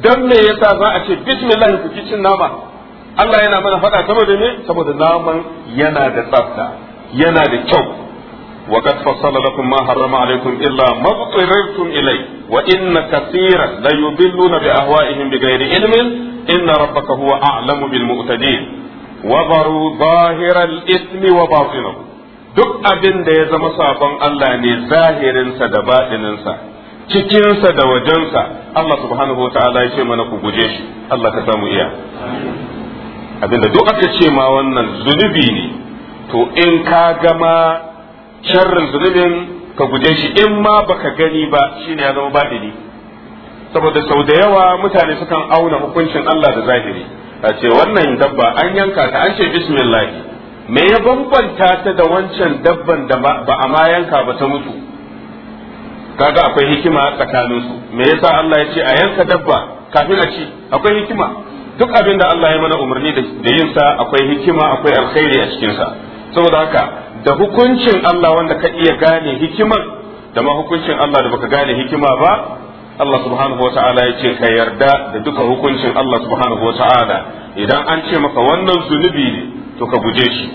dan me yasa za a ce bismillah ku ci cin nama Allah yana mana faɗa saboda me saboda naman yana da tsafta yana da kyau wa qad fassala lakum ma harrama alaykum illa ma tuqirtum ilay wa inna kaseeran la yudilluna bi ahwa'ihim bighairi ilmin inna rabbaka huwa a'lamu bil mu'tadin wa baru zahiral ismi wa batinahu duk abin da ya zama sabon Allah ne zahirinsa da baɗininsa cikinsa da wajensa Allah subhanahu wa ta'ala ya ce mana ku guje shi Allah ka samu iya abinda duk aka ce ma wannan zunubi ne to in ka gama sharrin zunubin ka guje shi in ma baka gani ba shine ya zama badili saboda sau da yawa mutane sukan auna hukuncin Allah da zahiri a ce wannan dabba an yanka ta an ce bismillah me ya bambanta ta da wancan dabban da ba a ma yanka ba ta mutu kaga akwai hikima tsakanin su me yasa Allah ya ce a yanka dabba kafin a ci akwai hikima duk abin da Allah ya mana umarni da yin sa akwai hikima akwai alkhairi a cikin sa saboda haka da hukuncin Allah wanda ka iya gane hikiman da ma hukuncin Allah da baka gane hikima ba Allah subhanahu wa ta'ala ya ce ka yarda da duka hukuncin Allah subhanahu wa ta'ala idan an ce maka wannan zunubi ne to ka guje shi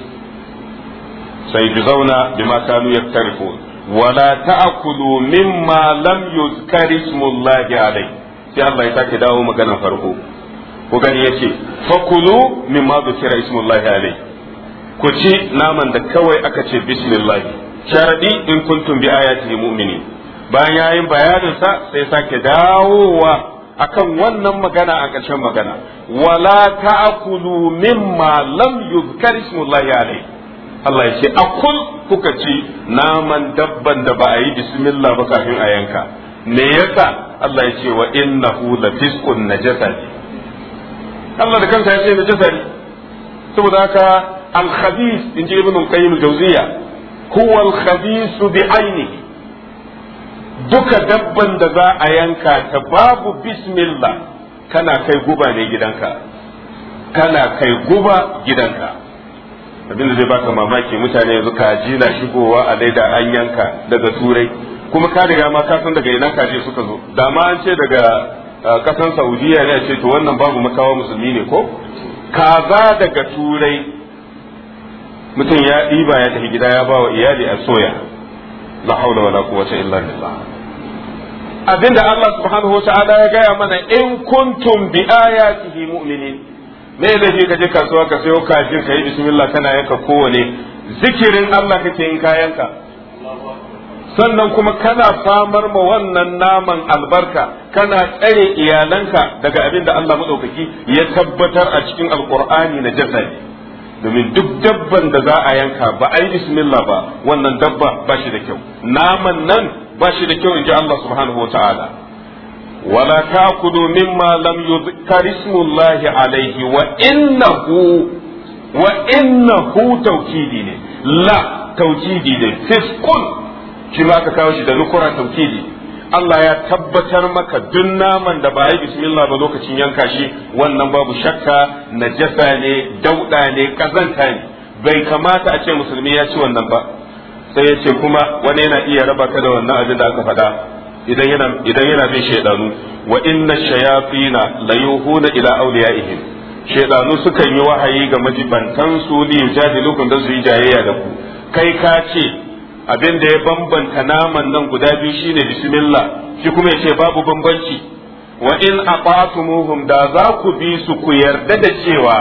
sai bi zauna bima kanu yaktarifun wala ta'kulu mimma lam yuzkar ismullahi alai sai Allah ya sake dawo magana farko ku gani yace fakulu mimma zukira ismullahi alai ku ci naman da kawai aka ce bismillah sharadi in kuntum bi ayatihi mu'mini bayan yayin bayanin sa sai sake dawowa akan wannan magana a ƙarshen magana wala ta'kulu mimma lam yuzkar ismullahi alai Allah ya ce akul kuka ci naman dabban da ba a yi bismillah ba kafin a yanka me yasa Allah ya ce wa innahu la fiskun najasa Allah da kansa ya ce najasa ne saboda haka al khabith in ji ibn qayyim jawziya huwa al khabith bi ainihi duka dabban da za a yanka ta babu bismillah kana kai guba ne gidanka kana kai guba gidanka abin da zai baka mamaki mutane yanzu kaji na shigowa a laida an yanka daga turai kuma ka riga ma ka san daga ina kaji suka zo da ma an ce daga kasan saudiya ne ce to wannan babu makawa musulmi ne ko kaza daga turai mutum ya ɗiba ya tafi gida ya ba wa iyali a soya la haula wala quwwata illa billah abinda Allah subhanahu wa ta'ala ya gaya mana in kuntum bi ayatihi mu'minin me laifi ka je kasuwa ka sayo kafin ka yi bismillah kana yanka kowane zikirin Allah kake yin kayanka sannan kuma kana famar ma wannan naman albarka kana tsare iyalanka daga abin da Allah Madaukaki ya tabbatar a cikin alkur'ani na jasadi domin duk dabban da za a yanka ba a yi bismillah ba wannan dabba ba shi da kyau naman nan ba shi da kyau in ji Allah subhanahu wa ولا تاكلوا مما لم يذكر اسم الله عليه وانه وانه توكيدي ne la taukidi ne fiskun shi ma ka kawo shi da nukura taukidi Allah ya tabbatar maka duk naman da ba yi bismillah ba lokacin yanka shi wannan babu shakka najasa ne dauda ne kazanta ne bai kamata a ce musulmi ya ci wannan ba sai ya ce kuma wani yana iya raba ka da wannan abin da aka faɗa idan yana idan yana bin shaydanu wa inna shayatina la yuhuna ila awliyaihim shaydanu sukan yi wahayi ga majibantan su li yujadilukum da su yi jayayya da ku kai ka ce abin da ya bambanta naman nan guda biyu shine bismillah shi kuma ya ce babu bambanci wa in aqatumuhum da za ku bi su ku yarda da cewa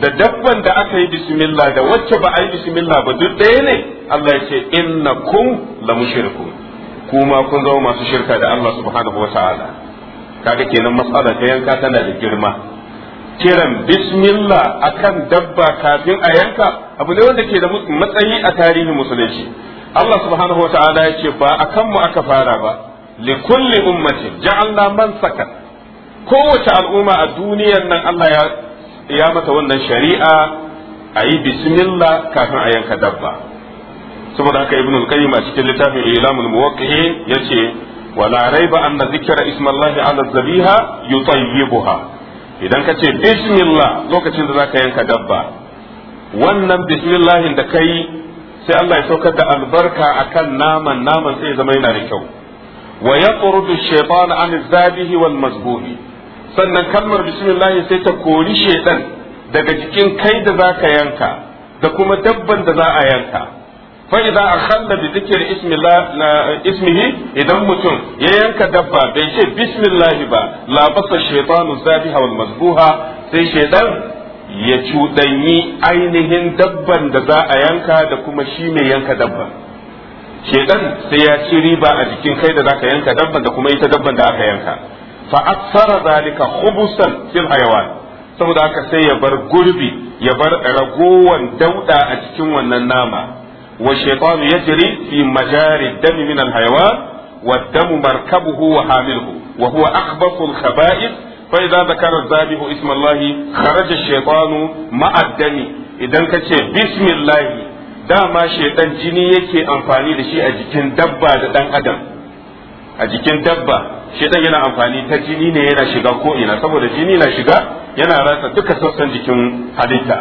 da dabban da aka yi bismillah da wacce ba a yi bismillah ba duk ɗaya ne Allah ya ce innakum la mushrikun kuma kun zama masu shirka da Allah subhanahu wa ta'ala kaga kenan matsala ta yanka tana da girma kiran bismillah akan dabba kafin a yanka abu ne wanda ke da matsayi a tarihin musulunci Allah subhanahu wa ta'ala ya ce ba akan mu aka fara ba li kulli ummatin ja'alna man saka. kowace al'umma a duniyar nan Allah ya ya mata wannan shari'a a yi bismillah kafin a yanka dabba saboda haka ibn al-qayyim a cikin littafin ilamul muwaqqi'in yace wala raiba anna dhikra ismallahi ala dhabiha yutayyibuha idan kace bismillah lokacin da zaka yanka dabba wannan bismillah da kai sai Allah ya saukar da albarka akan naman naman sai zama yana da kyau wa yaqrudu shaytan an zabihi wal mazbuhi sannan kalmar bismillah sai ta kori shaytan daga jikin kai da zaka yanka da kuma dabban da za a yanka fa idza akhalla bi dhikri ismillah ismihi idan mutum ya yanka dabba bai ce bismillah ba la basa shaytanu zabiha wal mazbuha sai shaytan ya cudanyi ainihin dabban da za a yanka da kuma shi mai yanka dabban shaytan sai ya ci riba a jikin kai da zaka yanka dabban da kuma ita dabban da aka yanka fa aksara zalika khubusan fil hayawan saboda haka sai ya bar gurbi ya bar ragowan dauda a cikin wannan nama wa shaytanu ya fi majari dami min al-hayawan wa damu markabuhu wa hamiluhu wa huwa akhbathu al-khaba'ith fa idza zabihu isma Allah kharaja shaytanu ma'a dami idan kace bismillah dama shaytan jini yake amfani da shi a jikin dabba da dan adam a jikin dabba shaitan yana amfani ta jini ne yana shiga ko ina saboda jini na shiga yana rasa duka sassan jikin halitta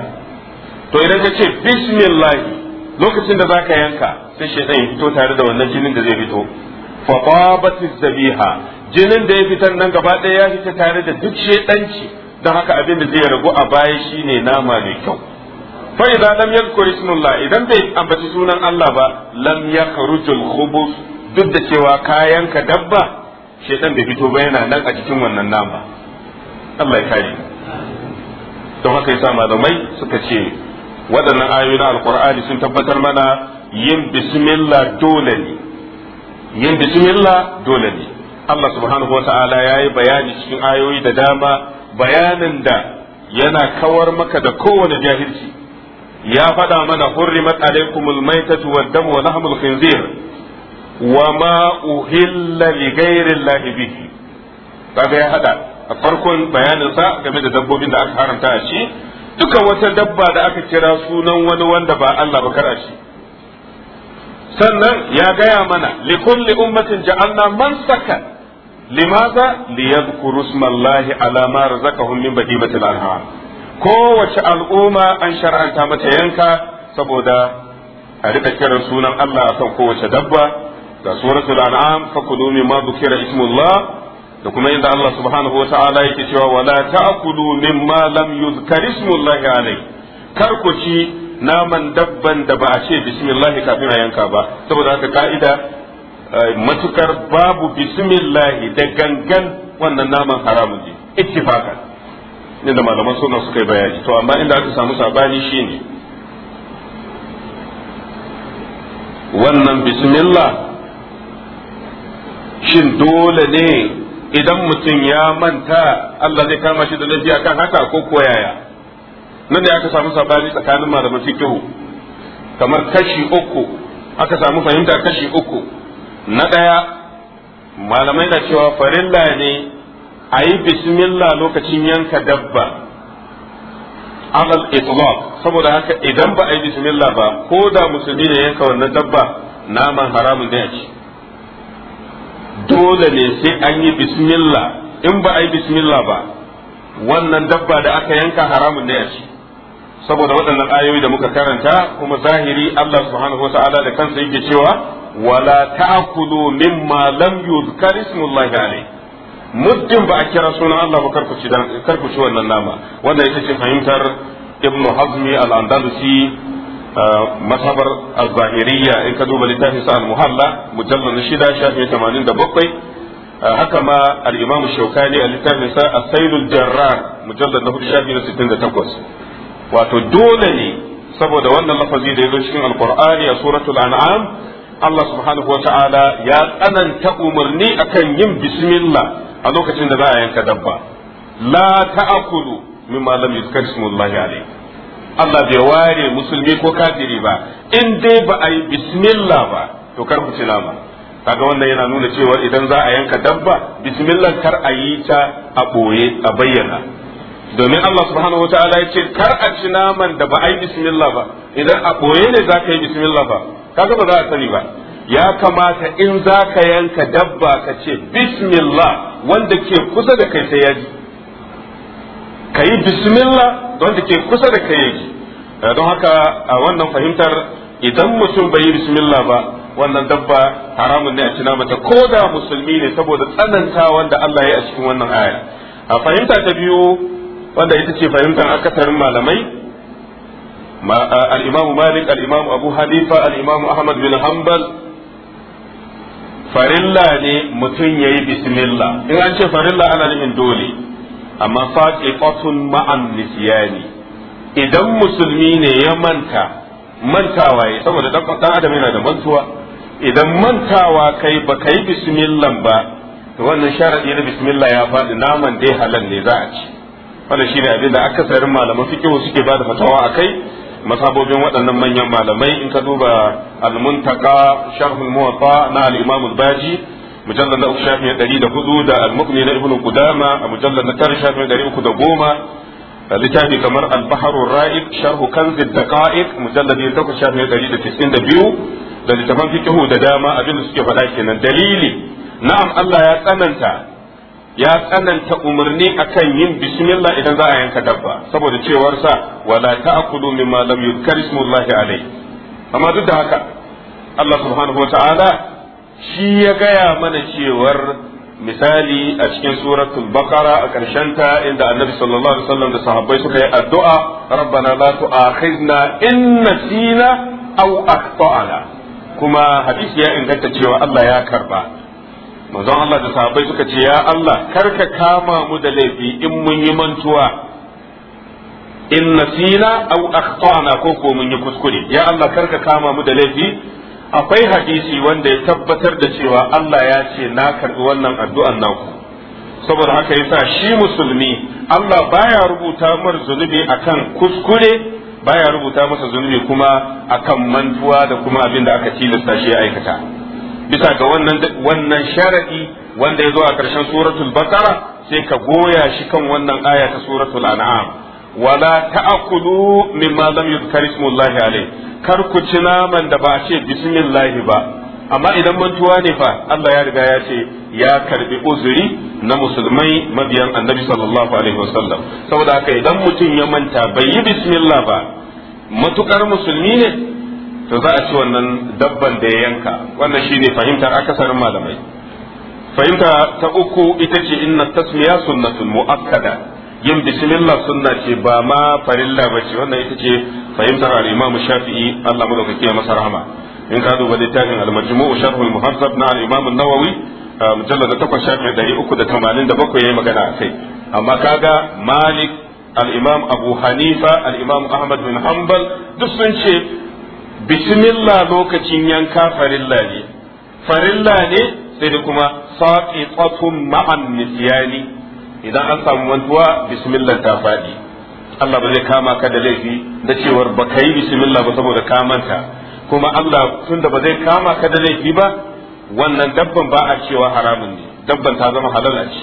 to idan ka ce bismillah lokacin da zaka yanka sai shi ya fito tare da wannan jinin da zai fito fa babati zabiha jinin da ya fitar nan gaba ɗaya ya fita tare da duk shaidanci don haka abin da zai ragu a baya shine nama mai kyau fa idza lam yadhkur ismullah idan bai ambaci sunan Allah ba lam yakhrujul khubus duk da cewa kayan ka dabba shaidan bai fito ba yana nan a cikin wannan nama Allah ya kare don haka yasa malamai suka ce waɗannan ayoyi na alkur'ani sun tabbatar mana yin bismillah dole ne yin bismillah dole ne Allah subhanahu wa ta'ala ya yi bayani cikin ayoyi da dama bayanin da yana kawar maka da kowane jahilci ya faɗa mana hurrimat alaikumul maitatu wad damu wa lahmul khinzir wa ma uhilla li ghairi bihi kaga ya hada a farkon bayanin sa game da dabbobin da aka haramta a ci duka wata dabba da aka kira sunan wani wanda ba Allah ba kara shi sannan ya gaya mana li kulli ummatin ja'alna man saka limaza li yadhkuru smallahi ala ma razaqahum min bahimatil anhar kowace al'umma an shar'anta mata yanka saboda a rika kiran sunan Allah akan kowace dabba da suratul an'am fakulu mimma dhukira ismullah da kuma inda Allah subhanahu wa ta'ala yake cewa wala ta'kulu mimma lam yuzkar ismullahi alai kar ku ci naman dabban da ba a ce bismillah kafin a yanka ba saboda haka ka'ida eh, matukar babu bismillah da gangan wannan naman haramun ne ne inda malaman suna suka yi bayani to amma inda aka samu sabani shine wannan bismillah shin dole ne idan mutum ya manta Allah zai kama shi da lafiya kan haka ko koyaya nan da aka samu sabani tsakanin malamin fiqh kamar kashi uku aka samu fahimta kashi uku na daya malamai na cewa farilla ne a yi bismillah lokacin yanka dabba alal itlaq saboda haka idan ba a yi bismillah ba ko da musulmi ne yanka wannan dabba naman haramun da ya ci dole ne sai an yi bismillah in ba a yi bismillah ba wannan dabba da aka yanka haramun ne a ci saboda waɗannan ayoyi da muka karanta kuma zahiri Allah subhanahu wata'ala da kansa yake cewa wala ta'kulu mimma lam yuzkar ismullahi alayh muddin ba a kira sunan Allah ba karku ci wannan nama wanda ita ce fahimtar ibnu hazmi al-andalusi masabar az-zahiriyya in ka duba littafin sa al-muhalla mujallal na shida shafi 87 haka ma al-imam shaukani a littafin sa as-sailul na wato dole ne saboda wannan lafazi da yazo cikin al a suratul an'am Allah subhanahu ya tsananta umarni akan yin bismillah a lokacin da za a yanka dabba la ta'kulu mimma lam yuzkar ismullahi alayhi Allah bai ware musulmi ko kafiri ba in dai ba a yi bismillah ba to kar ku ci kaga wannan yana nuna cewa idan za a yanka dabba bismillah kar a yi ta a boye a bayyana domin Allah subhanahu wataala ya ce kar a ci naman da ba a yi bismillah ba idan a boye ne za ka yi bismillah ba kaga ba za a sani ba ya kamata in za ka yanka dabba ka ce bismillah wanda ke kusa da kai sai ya ji Kayi yi bismillah don da ke kusa da kai yake eh, don haka a wannan fahimtar idan mutum bai yi bismillah ba wannan dabba haramun ne a cina mata ko da musulmi ne saboda tsananta wanda Allah ya a cikin wannan aya a fahimta ta biyu wanda ita ce fahimtar akasarin malamai al-imam malik al-imam abu hanifa al-imam ahmad bin hanbal farilla ne mutum yayi bismillah in an ce farilla ana nufin dole amma faqiqatun ma'an nisyani idan musulmi ne ya manta mantawa ya saboda dan adam yana da mantuwa idan mantawa kai ba kai bismillah ba to wannan sharadi na bismillah ya faɗi naman dai halal ne za a ci wannan shine abin da akasarin malaman fiqh suke bada fatawa akai masabobin waɗannan manyan malamai in ka duba al-muntaka sharh al-muwatta na al-imam al-baji Mujalla na uku shafin ɗari da hudu da al-mukni na ibnu qudama a mujallar na tara shafin ɗari uku da goma littafi kamar al-baharur ra'id sharhu kanzid daqa'iq mujalladi na takwas shafin ɗari da tisin da biyu da da dama abin da suke faɗa kenan dalili na'am Allah ya tsananta ya tsananta umarni akan yin bismillah idan za a yanka dabba saboda cewar sa wala ta'kulu mimma lam yuzkar ismullahi alayhi amma duk da haka Allah subhanahu wa ta'ala shi ya gaya mana cewar misali a cikin suratul baqara a karshen ta inda annabi sallallahu alaihi wasallam da sahabbai suka yi addu'a rabbana la tu'akhidna in nasina aw akhtana kuma hadisi ya inganta cewa Allah ya karba manzon Allah da sahabbai suka ce ya Allah karka kama mu da laifi in mun yi mantuwa in nasina aw akhtana ko ko mun yi kuskure ya Allah karka kama mu da laifi akwai hadisi wanda ya tabbatar da cewa Allah ya ce na karbi wannan addu'an naku saboda haka yasa shi musulmi Allah baya rubuta mar zunubi akan kuskure baya rubuta masa zunubi kuma akan mantuwa da kuma abin da aka tilasta shi ya aikata bisa ga wannan wannan sharadi wanda ya zo a karshen suratul baqara sai ka goya shi kan wannan aya ta suratul an'am wala ta'kulu mimma lam yuzkar ismullahi alayh kar ku ci naman da ba a ce bismillahi ba amma idan mantuwa ne fa Allah ya riga ya ce ya karbi uzuri na musulmai mabiyan annabi sallallahu alaihi wasallam saboda haka idan mutum ya manta bai yi bismillah ba matukar musulmi ne to za a ci wannan dabban da ya yanka wannan shine fahimtar akasarin malamai fahimta ta uku ita ce inna tasmiya sunnatun mu'akkada yin bismillah sunna ce ba ma farilla ba ce wannan ita ce fahimtar al-imam shafi'i Allah madaukaki ya masa rahama in ka duba littafin al-majmu' sharh al-muhazzab na al-imam an-nawawi mujallad 8 shafi 387 yayi magana akai amma kaga malik al-imam abu hanifa al-imam ahmad bin hanbal duk sun ce bismillah lokacin yanka farilla ne farilla ne sai da kuma saqitatun ma'an nisyani idan an samu mantuwa bismillah ta faɗi Allah ba zai kama ka da laifi Na cewar ba ka yi bismillah ba saboda kamanta. kuma Allah tunda ba zai kama ka da laifi ba wannan dabban ba a cewa haramun ne dabban ta zama halal a ci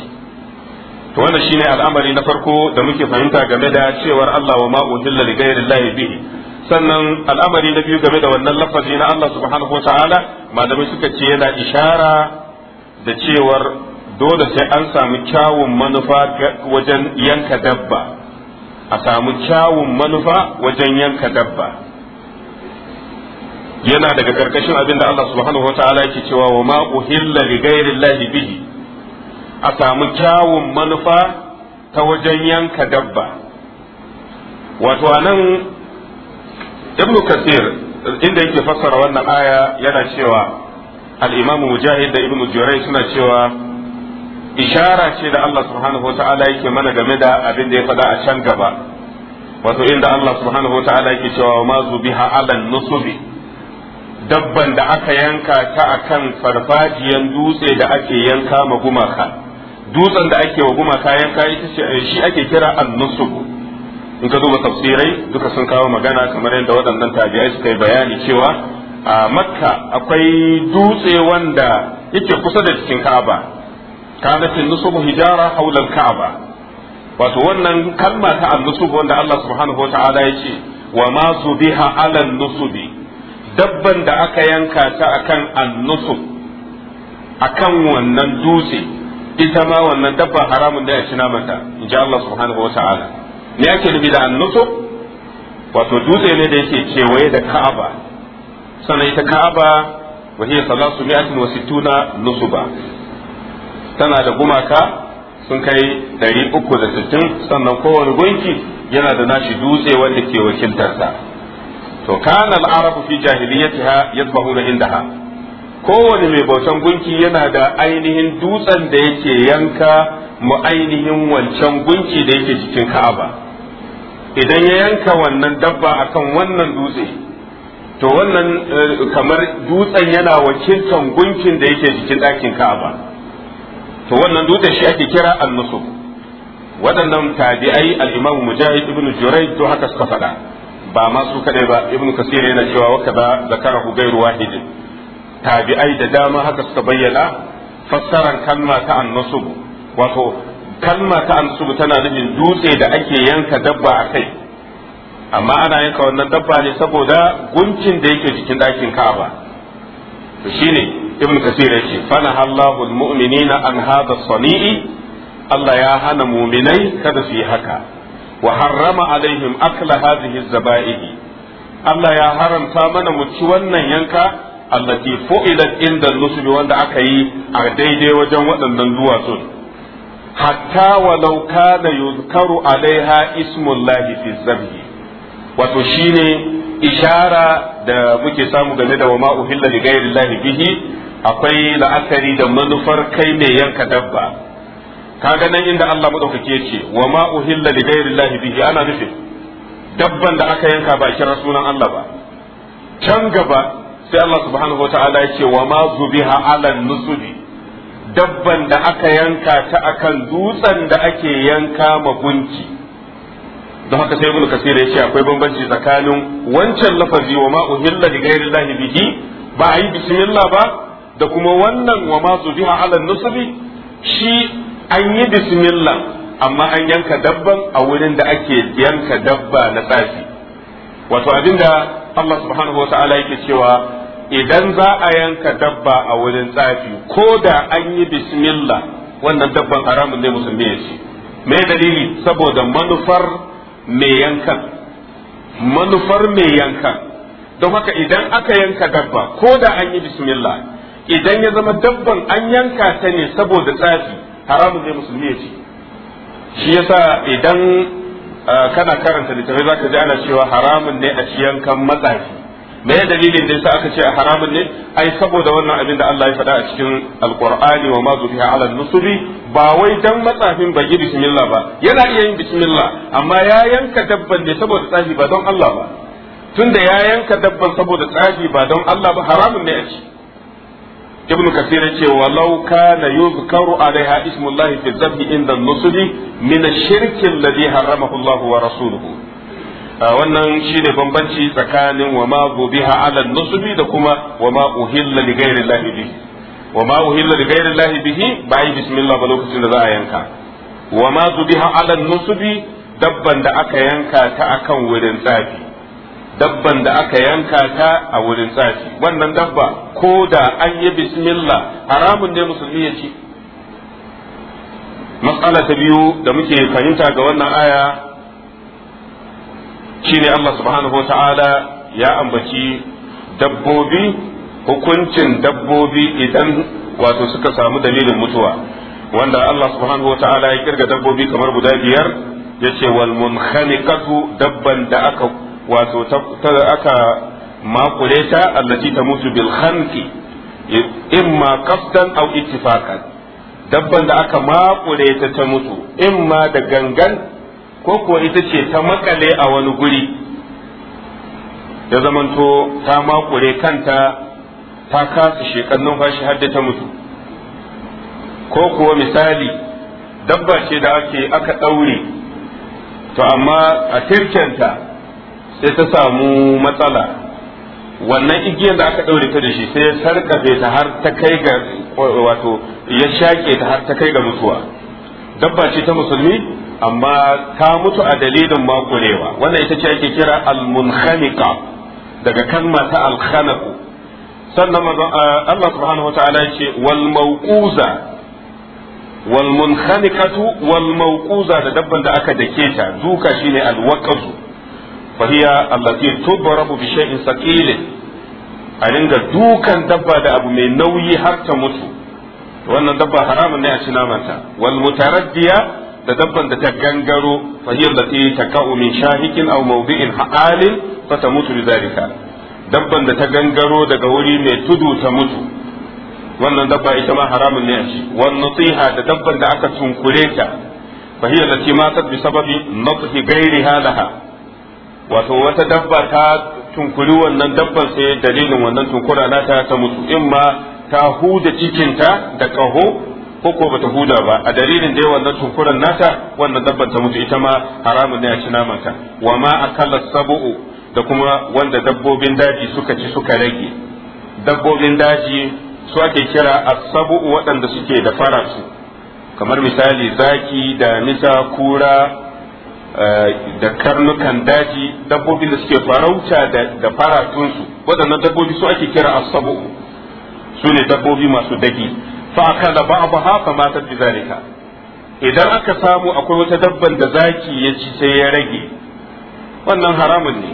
to wannan shine al'amari na farko da muke fahimta game da cewar Allah wa ma udilla li ghairi llahi bihi sannan al'amari na biyu game da wannan lafazi na Allah subhanahu wa ta'ala malamai suka ce yana ishara da cewar dole sai an samu kyawun manufa wajen yanka dabba a samu kyawun manufa wajen yanka dabba yana daga karkashin abin da Allah subhanahu wataala yake cewa wa ma uhilla li ghairillahi bihi a samu kyawun manufa ta wajen yanka dabba wato anan Ibn kasir inda yake fassara wannan aya yana cewa al-imamu mujahid da ibnu jurai suna cewa ishara ce da Allah subhanahu wata'ala yake mana game da abin da ya faɗa a can gaba wato inda Allah subhanahu wata'ala yake cewa ma zubiha alan nusubi dabban da aka yanka ta akan farfajiyan dutse da ake yanka ma gumaka dutsen da ake wa gumaka yanka ita ce eh, shi ake kira annusubu nusub in ka duba tafsirai duka sun kawo magana kamar yadda waɗannan tabi'ai suka yi bayani cewa a makka akwai dutse wanda yake kusa da cikin ka'aba kanat an-nusub hijara hawla al-ka'ba wato wannan kalma ta an-nusub wanda Allah subhanahu wata'ala ce wa ma bi ala an-nusubi dabban da aka yanka ta akan an-nusub akan wannan dutse ita ma wannan dabba ci namanta in Allah da wato dutse ne da yake kewaye da Ka'aba sannan ita Ka'aba wa hiya salatu mi'atin wa sittuna nusuba tana da gumaka sun kai 360 sannan kowane gunki yana da nashi dutse wanda ke wakiltarsa to kana al'arabu fi jahiliyatiha yadbahuna indaha kowane mai bautan gunki yana da ainihin dutsen da yake yanka mu ainihin wancan gunki da yake jikin Ka'aba idan ya yanka wannan dabba akan wannan dutse to wannan eh, kamar dutsen yana wakiltan gunkin da yake jikin ɗakin Ka'aba to wannan dutsen shi ake kira al waɗannan tabi'ai al-imamu mujahid ibn jurayj to haka suka faɗa ba ma su kadai ba ibn kasir yana cewa wa kaza zakarahu ghairu wahid tabi'ai da dama haka suka bayyana fassaran kalma ta an-nusub wato kalma ta an-nusub tana nufin dutse da ake yanka dabba a kai amma ana yanka wannan dabba ne saboda guncin da yake jikin ɗakin Ka'aba to shine ibn kasir yake fana Allahu almu'minina an hada sani'i Allah ya hana muminai kada su yi haka wa harrama alaihim akla hadhihi zaba'ihi Allah ya haramta mana mu ci wannan yanka allati fu'ilat inda nusubi wanda aka yi a daidai wajen waɗannan duwatsun hatta walau kana yuzkaru alaiha ismullahi fi zabhi wato shine ishara da muke samu game da wama uhilla li ghairi bihi akwai la'akari da manufar kai mai yanka dabba kaga nan inda Allah madaukake ya ce wa ma uhilla li ghairi bihi ana nufi dabban da aka yanka ba kira sunan Allah ba can gaba sai Allah subhanahu wataala ya ce wa ma zubiha ala nusubi dabban da aka yanka ta akan dutsen da ake yanka magunci don haka sai ibnu kasir ya ce akwai bambanci tsakanin wancan lafazi wa ma uhilla li ghairi bihi ba a yi bismillah ba da kuma wannan wa ma zubiha ala nusubi shi an yi bismillah amma an yanka dabban a wurin da ake yanka dabba na tsafi wato abinda Allah subhanahu wataala yake cewa idan za a yanka dabba a wurin tsafi ko da an yi bismillah wannan dabban haramun ne musulmi ya ce me dalili saboda manufar mai yankan manufar mai yankan don haka idan aka yanka dabba ko da an yi bismillah idan ya zama dabban an yanka ta ne saboda tsafi haramun ne musulmi ya ci shi yasa idan kana karanta za ka ji ana cewa haramun ne a ci yankan matsafi me ya dalilin da yasa aka ce a haramun ne ai saboda wannan abin da Allah ya faɗa a cikin alqur'ani wa ma zubiha ala nusubi ba wai dan matsafin bai yi bismillah ba yana iya yin bismillah amma ya yanka dabban ne saboda tsafi ba don Allah ba tunda ya yanka dabban saboda tsafi ba don Allah ba haramun ne a ci ibn kasir yace walau kana yuzkaru alaiha ismullahi fi dhabhi inda nusli min ash-shirk alladhi haramahu Allah wa rasuluhu ah, wannan shine bambanci tsakanin wa ma biha ala nusbi da kuma wa ma uhilla li ghairi Allah bihi wa ma uhilla li ghairi Allah bihi bai bismillah ba lokacin da za a yanka wa ma biha ala nusbi dabban da aka yanka ta akan wurin tsafi dabban da aka yanka ta a wurin tsafi wannan dabba ko da an yi bismillah haramun ne musulmi ya ci matsala ta biyu da muke fahimta ga wannan aya shine Allah subhanahu wata'ala ya ambaci dabbobi hukuncin dabbobi idan wato suka samu dalilin mutuwa wanda Allah subhanahu wata'ala ya kirga dabbobi kamar guda biyar ya ce wal munkhaniqatu dabban da aka wato ta aka makure ta allati ta mutu bil khanqi imma qasdan aw ittifaqan dabban da aka makure ta ta mutu imma da gangan ko ko ita ce ta makale a wani guri ya zamanto ta makure kanta ta kasa shekan numfashi har da ta mutu ko kuwa misali dabba ce da ake aka ɗaure to amma a tirkenta sai ta samu matsala wannan igiyar da aka ɗaure ta da shi sai ya sarƙafe ta har ta kai ga wato ya shaƙe ta har ta kai ga mutuwa dabba ce ta musulmi amma ta mutu a dalilin makurewa wannan ita ce ake kira al-munkhaniqa daga kalma ta al sannan Allah subhanahu wataala ce wal mawquza wal munkhaniqatu wal mawquza da dabban da aka dake ta duka shine al-waqzu fahiya allati tudrabu bi shay'in saqil a ringa duka dabba da abu mai nauyi har ta mutu wannan dabba haramun ne a ci namanta wal mutaraddiya da dabban da ta gangaro fahiya allati taka'u min shahikin aw mawdi'in ha'alin fa tamutu lidhalika dabban da ta gangaro daga wuri mai tudu ta mutu wannan dabba ita ma haramun ne a ci wan nasiha da dabban da aka tunkure ta fahiya allati matat bi sababi nathi ghairiha laha wato wata dabba ta tunkuri wannan dabban sai dalilin wannan tunkura nata ta mutu in ma ta huda cikinta da ƙaho ko ko bata huda ba a dalilin da wannan tunkuran nata wannan dabban ta mutu ita ma haramun ne a ci naman ta wa ma akalla sabu'u da kuma wanda dabbobin daji suka ci suka rage dabbobin daji su ake kira asabu'u waɗanda suke da farasu kamar misali zaki da nisa kura Eh, da karnukan daji dabbobi da suke farauta da faratunsu waɗannan dabbobi su ake kira asabu su ne dabbobi masu dagi fa ba ba'daha fa matar bizalika idan aka samu akwai wata dabban da zaki ya ci sai ya rage wannan haramun ne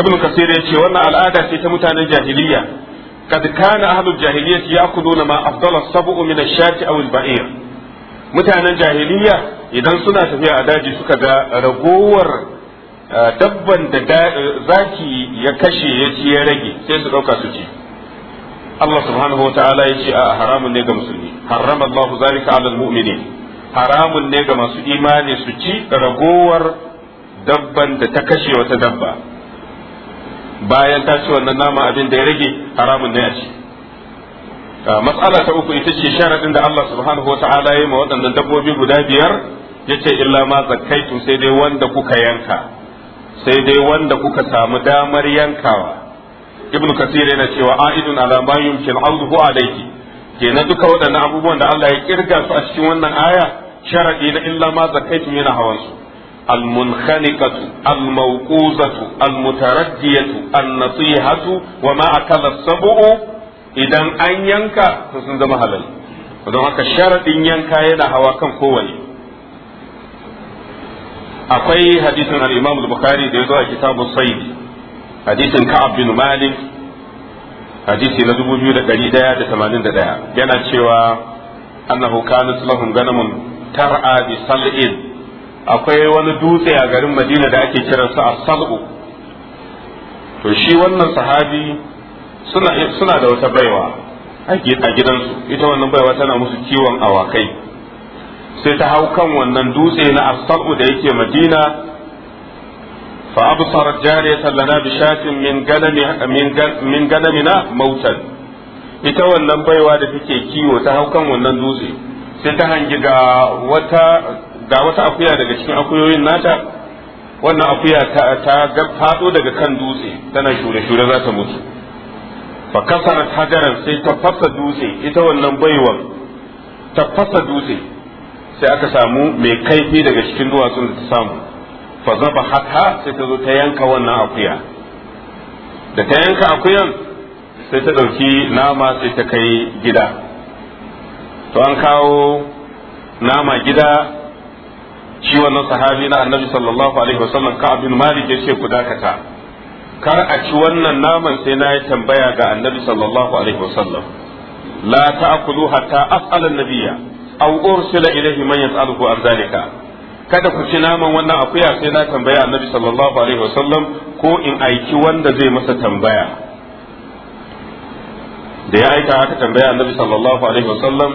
ibn kasir ya ce wannan al'ada ce ta mutanen jahiliya kad kana ahlul jahiliyyah ya'kuluna ma afdala sabu min ash-shati aw al-ba'ir mutanen jahiliya idan suna tafiya a daji suka ga ragowar dabban da zaki ya kashe ya ci ya rage sai su ɗauka su ci Allah subhanahu wa ta'ala ya ce a haramun ne ga musulmi haram Allah zalika ala almu'minin haramun ne ga masu imani su ci ragowar dabban da ta kashe wata dabba bayan ta ci wannan nama abin da ya rage haramun ne a ci Ah, mas'ala ta uku ita ce sharadin da Allah subhanahu wa ta'ala ya yi ma waɗannan dabbobi guda biyar yace illa ma zakkaitu sai dai wanda kuka yanka sai dai wanda kuka samu damar yankawa ibn kasir yana cewa a'idun ala ma yumkin auduhu alayhi kenan duka waɗannan abubuwan da Allah ya kirga su a cikin wannan aya sharadi na illa ma zakkaitu yana hawan su المنخنقة الموقوزة المتردية النصيحة وما أكل السبع idan an yanka to sun zama halal don haka sharaɗin yanka yana hawa kan kowane akwai hadisin al-Imam al-Bukhari da ya zo a kitabu Sayyid hadisin Ka'ab bin Malik hadisi na 2181 yana cewa annahu kana lahum ganamun tar'a bi sal'in akwai wani dutse a garin Madina da ake kiransa as-sal'u to shi wannan sahabi suna suna da wata baiwa a gidansu ita wannan baiwa tana musu kiwon awakai sai ta hau kan wannan dutse na asfa'u da yake madina fa absar jariya sallana bi shatin min galami min galamina mautan ita wannan baiwa da take kiwo ta hau kan wannan dutse sai ta hangi ga wata ga wata akuya daga cikin akuyoyin nata wannan akuya ta ta fado daga kan dutse tana shure shure za ta mutu fa kasarat hajaran sai ta fasa dutse ita wannan baiwar ta fasa dutse sai aka samu mai kaifi daga cikin duwatsun da ta samu fa zaba haka sai ta zo ta yanka wannan akuya da ta yanka akuyan sai ta ɗauki nama sai ta kai gida to an kawo nama gida ciwon sahabi na annabi sallallahu alaihi wasallam ka abin malik ya ce ku dakata kar a ci wannan naman sai na yi tambaya ga annabi sallallahu alaihi wasallam la ta'kulu hatta as'ala nabiya nabiyya aw ursila ilayhi man yas'aluhu an zalika kada ku ci naman wannan akuya sai na tambaya annabi sallallahu alaihi wasallam ko in aiki wanda zai masa tambaya da ya aika haka tambaya annabi sallallahu alaihi wasallam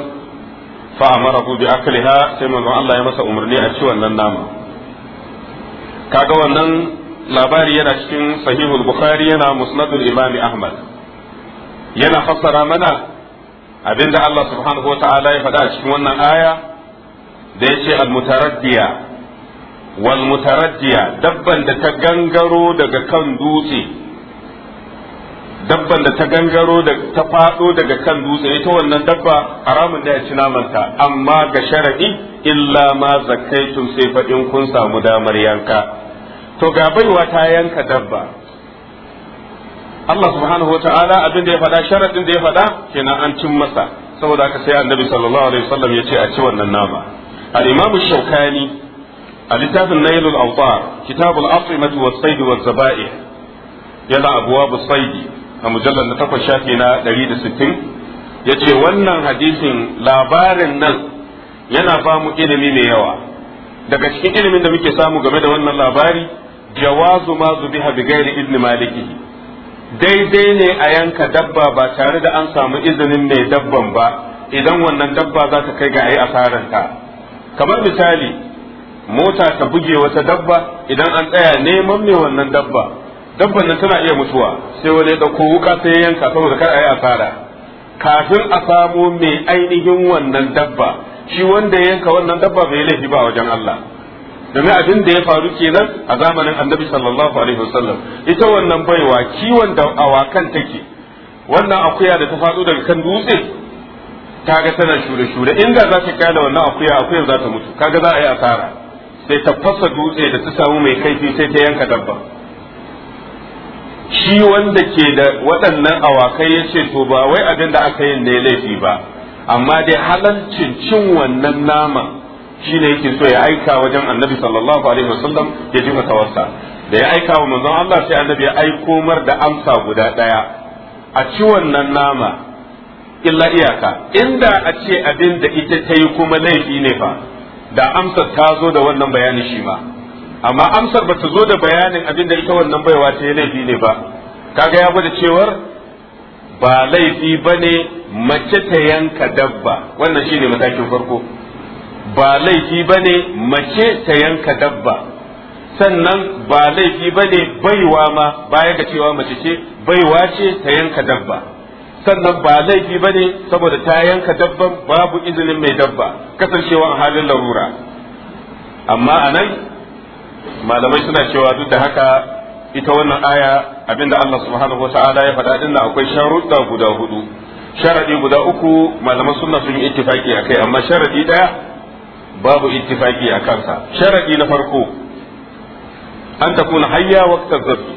fa amarahu bi akliha sai manzon Allah ya masa umarni a ci wannan nama kaga wannan labari yana cikin sahihul bukhari yana musnadul imami ahmad yana fassara mana abinda Allah subhanahu wata'ala ya faɗa cikin wannan aya da ya ce almutaraddiya wal mutaraddiya dabban da ta gangaro daga kan dutse dabban da ta gangaro da ta faɗo daga kan dutse ita wannan dabba haramun da ya ci namanta amma ga sharaɗi illa ma zakaitun sai faɗin kun samu damar yanka to ga baiwa ta yanka dabba Allah subhanahu wata'ala abin da ya faɗa sharadin da ya faɗa kenan an cin masa saboda aka sai annabi sallallahu alaihi wasallam ya ce a ci wannan nama al-imam shaukani a littafin nailul awtar kitabul asimati was sayd wa zaba'i yana abwabu sayd a mujallal na takwas shafi na 160 yace wannan hadisin labarin nan yana ba mu ilimi mai yawa daga cikin ilimin da muke samu game da wannan labari jawazu ma zubiha bi ghairi idni maliki daidai ne a yanka dabba ba tare da an samu izinin mai dabban ba idan wannan dabba za ta kai ga ayi asaranta kamar misali mota ta buge wata dabba idan an tsaya neman mai wannan dabba dabban nan tana iya mutuwa sai wani ya dauko wuka sai ya yanka saboda kar yi asara kafin a samo mai ainihin wannan dabba shi wanda ya yanka wannan dabba bai laifi ba wajen Allah domin abin da ya faru kenan a zamanin annabi sallallahu alaihi wasallam ita wannan baiwa kiwon da awakan take wannan akuya da ta faɗo daga kan dutse kaga tana shure shure inda za ta da wannan akuya akuyar za ta mutu kaga za a yi asara sai ta fasa dutse da ta samu mai kaifi sai ta yanka dabba shi wanda ke da waɗannan awakai ya ce to ba wai abin da aka yin ne laifi ba amma dai halarcin cin wannan naman shine yake so ya aika wajen annabi sallallahu alaihi wasallam ya ji kawarsa da ya aika wa manzon Allah sai annabi ya aiko mar da amsa guda daya a ci wannan nama illa iyaka inda a ce abin da ita ta yi kuma laifi ne fa da amsa ta zo da wannan bayanin shi ma amma amsar ba ta zo da bayanin abin da ita wannan baiwa ta yi laifi ne ba kaga ya gwada cewar ba laifi bane mace ta yanka dabba wannan shine matakin farko ba laifi ba mace ta yanka dabba sannan ba laifi ba ne baiwa ma baya ga cewa mace ce baiwa ce ta yanka dabba sannan ba laifi bane saboda ta yanka dabban babu izinin mai dabba kasancewa a halin larura amma a nan malamai suna cewa duk da haka ita wannan aya abinda Allah subhanahu wa ta'ala ya faɗa dinna akwai sharuɗa guda hudu sharadi guda uku malaman sunna sun yi ittifaki akai amma sharadi daya babu ittifaki a kansa sharadi na farko an ta kuna hayya waqtar zabi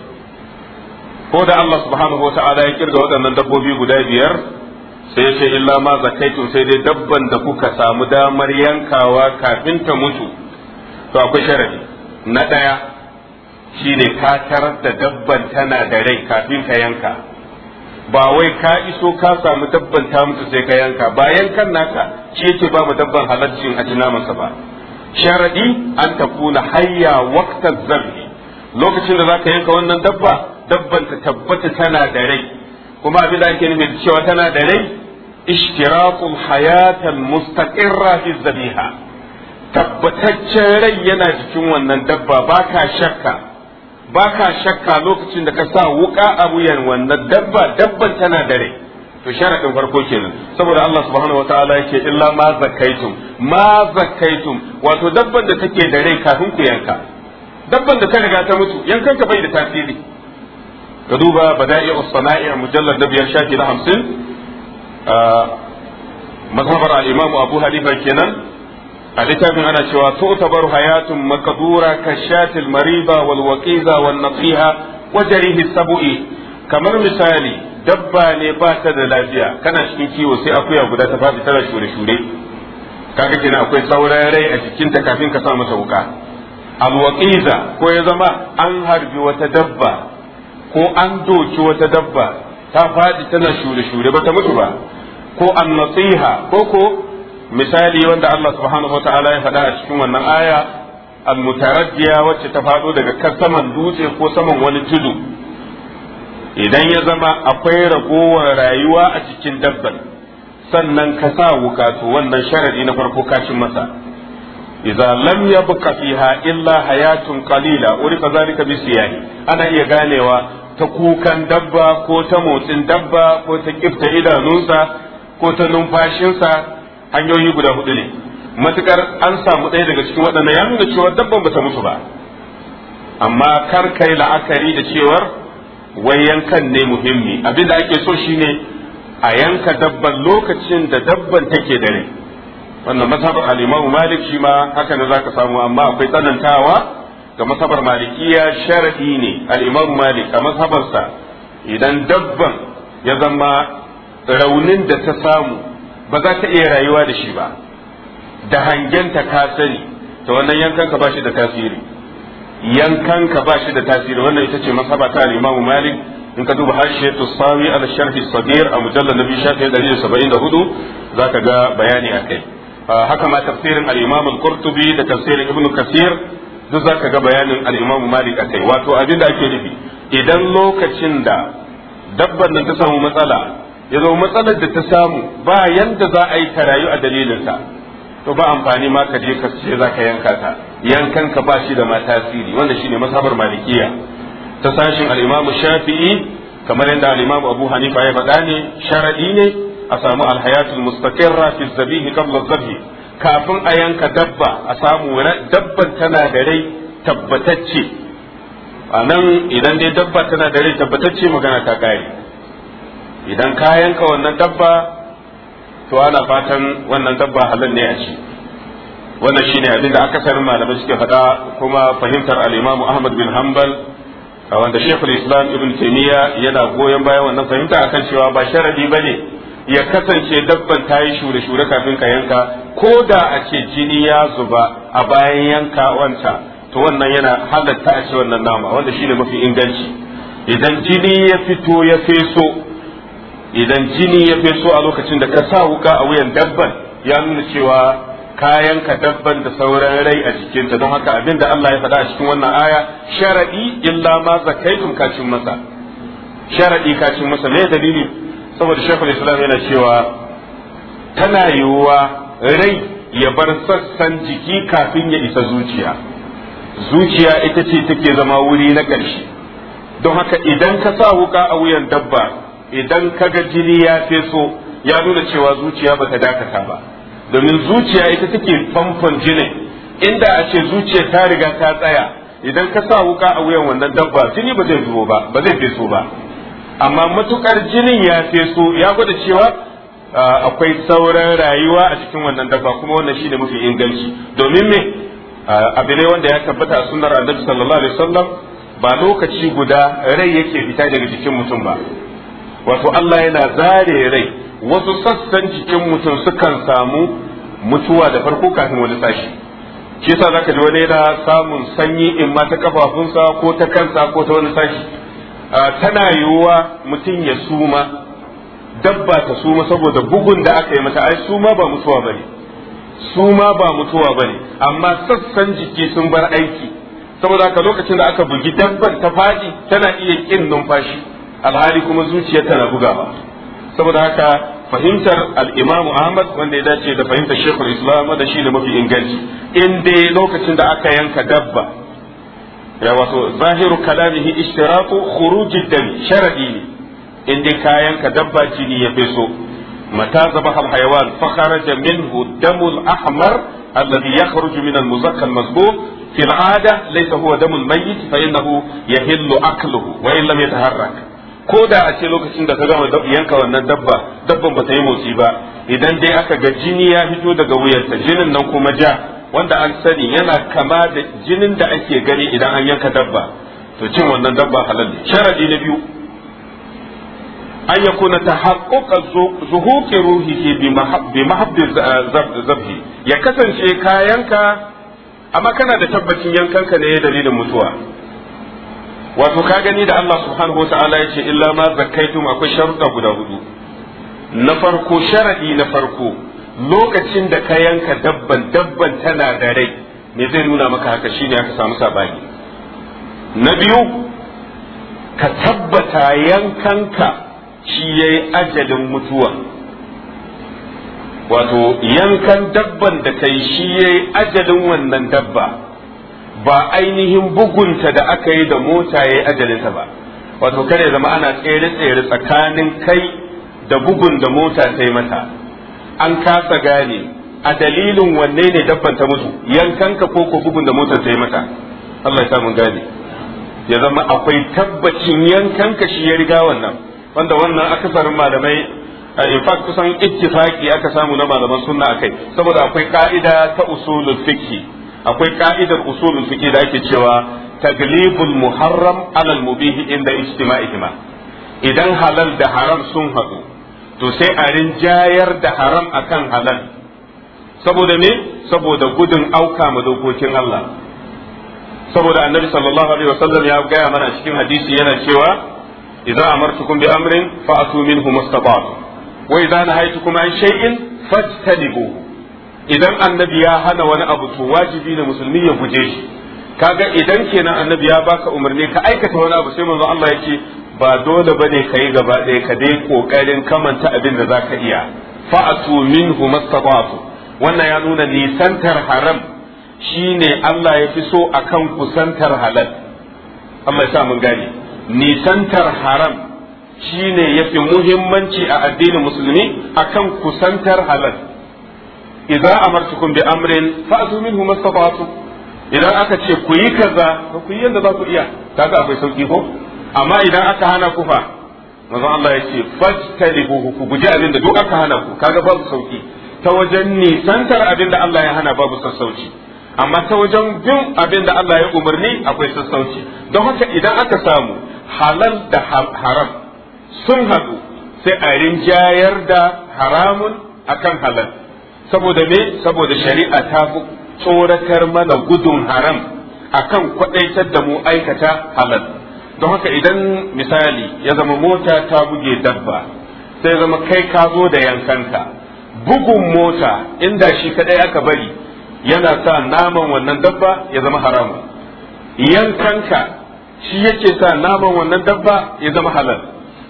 ko da Allah subhanahu wata'ala ya kirga waɗannan dabbobi guda biyar sai sai illa ma zakaitu sai dai dabban da kuka samu damar yankawa kafin ta mutu to akwai sharadi na ɗaya shine ka tarar da dabban tana da rai kafin ka yanka ba wai ka iso ka samu dabban ta mutu sai ka yanka ba yankan naka ce ce ba mu dabban halaccin a masa ba sharadi an ta kuna hayya waqta zabi lokacin da zaka yanka wannan dabba dabban ta tabbata tana da rai kuma abin da ake nufi cewa tana da rai ishtiraqul hayatan mustaqirra fi zabiha tabbataccen rai yana jikin wannan dabba ba ka shakka ba ka shakka lokacin da ka sa wuka a wuyan wannan dabba dabban tana dare to sharaɗin farko kenan saboda Allah subhanahu wa ta'ala yake illa ma zakaitum ma zakaitum wato dabban da take da kafin ku yanka dabban da ta riga ta mutu yankan ka bai da tasiri ka duba bada'i us-sana'i mujallad na biyar shafi na hamsin ah, mazhabar al-imam Abu halifa kenan a littafin ana cewa bar hayatun makadura kashatil mariba wal waqiza wan nasiha wa jarihi sabu'i kamar misali dabba ne ba ta da lafiya kana cikin kiwo sai akuya guda ta faɗi tana shure-shure kaga kina akwai sauran rai a jikinta kafin ka sa mata wuka alwaqiza ko ya zama an harbi wata dabba ko an doki wata dabba ta faɗi tana shure-shure ba ta mutu ba ko an nasiha ko ko misali wanda Allah subhanahu wataala ya faɗa a cikin wannan aya almutarajjiya wacce ta faɗo daga kan saman dutse ko saman wani tudu idan ya zama akwai ragowar rayuwa a cikin dabbar sannan ka sa wuka to wannan sharadi na farko kashin masa idza lam yabqa fiha illa hayatun qalila urika zalika bisiyahi ana iya ganewa ta kukan dabba ko ta motsin dabba ko ta kifta idanunsa ko ta numfashinsa hanyoyi guda hudu ne matukar an samu ɗaya daga cikin waɗannan ya nuna cewa dabban bata mutu ba amma kar kai la'akari da cewar wai yankan ne muhimmi abin da ake so shine a yanka dabban lokacin da dabban take dare. wannan masabar al Malik shi ma haka ne zaka samu amma akwai tsanantawa ga masabar Malikiya sharadi ne al Malik a masabarsa idan dabban ya zama raunin da ta samu ba za ta iya rayuwa da shi ba da hangenta ka sani ta wannan yankan ka ba shi da tasiri yankan ka ba shi da tasiri wannan ita ce masaba ta imamu malik in ka duba harshe sami al sharhi sabir a mujallar nabi shafi hudu za ka ga bayani a kai ah, haka ma tafsirin al-imam al-qurtubi da tafsirin ibnu kasir duk za ka ga bayanin al-imam malik a kai wato abin da ake nufi idan lokacin da dabbar nan ta samu matsala ya zama matsalar da ta samu ba yanda za a yi ka rayu a dalilinsa to ba amfani ma ka je ka ce za ka yanka ta yankan ka ba shi da ma tasiri wanda shine masabar malikiya ta sashin al-imamu shafi'i kamar yadda al-imamu abu hanifa ya faɗa ne sharaɗi ne a samu al-hayatul mustaqirra fi zabihi qabla zabi kafin a yanka dabba a samu dabban tana da rai tabbatacce a nan idan dai dabba tana da rai tabbatacce magana ta kare idan ka yanka wannan dabba to ana fatan wannan dabba halal ne a ci wannan shine abin da aka san malamai suke faɗa kuma fahimtar al-Imam Ahmad bin Hanbal wanda Sheikhul Islam Ibn Taymiyyah yana goyon bayan wannan fahimta akan cewa ba sharadi bane ya kasance dabban ta yi shure shure kafin ka yanka ko da a ce jini ya zuba a bayan yanka wanta to wannan yana halatta a ce wannan nama wanda shine mafi inganci idan jini ya fito ya feso idan jini ya feso a lokacin da ka sa wuka a wuyan dabban ya nuna cewa kayan ka dabban da sauran rai a jikinta don haka abin da Allah ya faɗa a cikin wannan aya sharadi illa ma zakaitum kacin masa sharadi kacin masa me dalili saboda shekul islam yana cewa tana yiwuwa rai ya bar sassan jiki kafin ya isa zuciya zuciya ita ce take zama wuri na ƙarshe don haka idan ka sa wuka a wuyan dabba idan kaga jini ya feso ya nuna cewa zuciya bata dakata ba domin zuciya ita take famfon jinin inda a ce zuciya ta riga ta tsaya idan ka sa wuka a wuyan wannan dabba jini ba zai zuwo ba ba zai feso ba amma matukar jinin ya feso ya gwada cewa akwai sauran rayuwa a cikin wannan dabba kuma wannan shine mafi inganci domin me abu ne wanda ya tabbata a sunnar annabi sallallahu alaihi wasallam ba lokaci guda rai yake fita daga jikin mutum ba wato Allah yana zare rai wasu sassan jikin mutum sukan samu mutuwa da farko kafin wani sashi shi sa zaka ji wani yana samun sanyi in ma ta kafafunsa ko ta kansa ko ta wani sashi tana yiwuwa mutum ya suma dabba ta suma saboda bugun da aka yi mata ai suma ba mutuwa bane suma ba mutuwa bane amma sassan jiki sun bar aiki saboda haka lokacin da aka bugi dabban ta faɗi tana iya kin numfashi alhali kuma zuciyarta na bugawa saboda haka fahimtar al-Imam Ahmad wanda ya dace da fahimtar Sheikhul Islam da shi ne mafi inganci in dai lokacin da aka yanka dabba ya wato zahiru kalamihi ishtiraqu khuruj ad-dam sharadi ne in dai ka yanka dabba jini ya feso mata zabaha al-hayawan fa kharaja minhu damul ahmar الذي يخرج من المزكى المذبوح في العادة ليس هو دم الميت فإنه يهل أكله وإن لم يتحرك ko da a ce lokacin da ka gama yanka wannan dabba dabban ba ta yi motsi ba idan dai aka ga jini ya fito daga wuyarta jinin nan kuma ja wanda an sani yana kama da jinin da ake gani idan an yanka dabba to cin wannan dabba halal ne sharadi na biyu an yakuna zuhuƙe ruhi ke bi mahabbi zabhi ya kasance kayanka amma kana da tabbacin yankanka ne dalilin mutuwa wato ka gani da Allah subhanahu wata'ala ya ce illa ma zakkaitum akwai sharuɗa guda hudu na farko sharadi na farko lokacin da ka yanka dabban dabban tana da rai me zai nuna maka haka shine aka samu sabani na biyu ka tabbata yankanka shi yayi ajalin mutuwa wato yankan dabban da kai shi yayi ajalin wannan dabba ba ainihin bugunta da aka yi da mota ya yi ajalinta ba wato kare zama ana tsere tsere tsakanin kai da bugun da mota ta yi mata an kasa gane a dalilin wanne ne dabbanta ta mutu yankanka ko ko bugun da mota ta yi mata Allah ya mun gane ya zama akwai tabbacin yankanka shi ya riga wannan wanda wannan akasarin malamai eh, in fact kusan ittifaqi aka samu na malaman sunna akai saboda akwai ka'ida ta usulul fiqh akwai ka'idar usulun fiqh da ake cewa taglibul muharram alal mubih inda ijtima'ihima idan halal da haram sun haɗu to sai a rinjayar da haram akan halal saboda ne saboda gudun auka ma dokokin Allah saboda annabi sallallahu alaihi wasallam ya gaya mana cikin hadisi yana cewa idan amartukum bi amrin fa'tu minhu mustata'a wa idan nahaytukum an shay'in fajtanibuhu idan annabi ya hana wani abu to wajibi ne musulmi ya guje shi kaga idan kenan annabi ya baka umarni ka aikata wani abu sai manzo Allah yake ba dole bane kai gaba ɗaya ka dai kokarin kamanta abin da zaka iya fa'atu minhu mastata'tu wannan ya nuna nisantar haram shine Allah ya fi so akan kusantar halal amma sa mun gane nisantar haram shine yafi muhimmanci a addinin musulmi akan kusantar halal idza amartukum bi amrin fa'tu minhu mastata'tum idan aka ce ku yi kaza ko ku yi yanda za ku iya kaga akwai sauki ko amma idan aka hana ku fa manzo Allah yace fajtalibuhu ku guji abinda duk aka hana ku kaga babu sauki ta wajen nisantar santar abinda Allah ya hana babu sassauci amma ta wajen bin abinda Allah ya umarni akwai sassauci don haka idan aka samu halal da haram sun haɗu sai a rinjayar da haramun akan halal saboda me saboda shari'a ta fi tsoratar mana gudun haram akan kwadaitar da mu aikata halal don haka idan misali ya zama mota ta buge dabba sai zama kai ka zo da yankanka bugun mota inda shi kadai aka bari yana sa naman wannan dabba ya zama haramu yankanka shi yake sa naman wannan dabba ya zama halal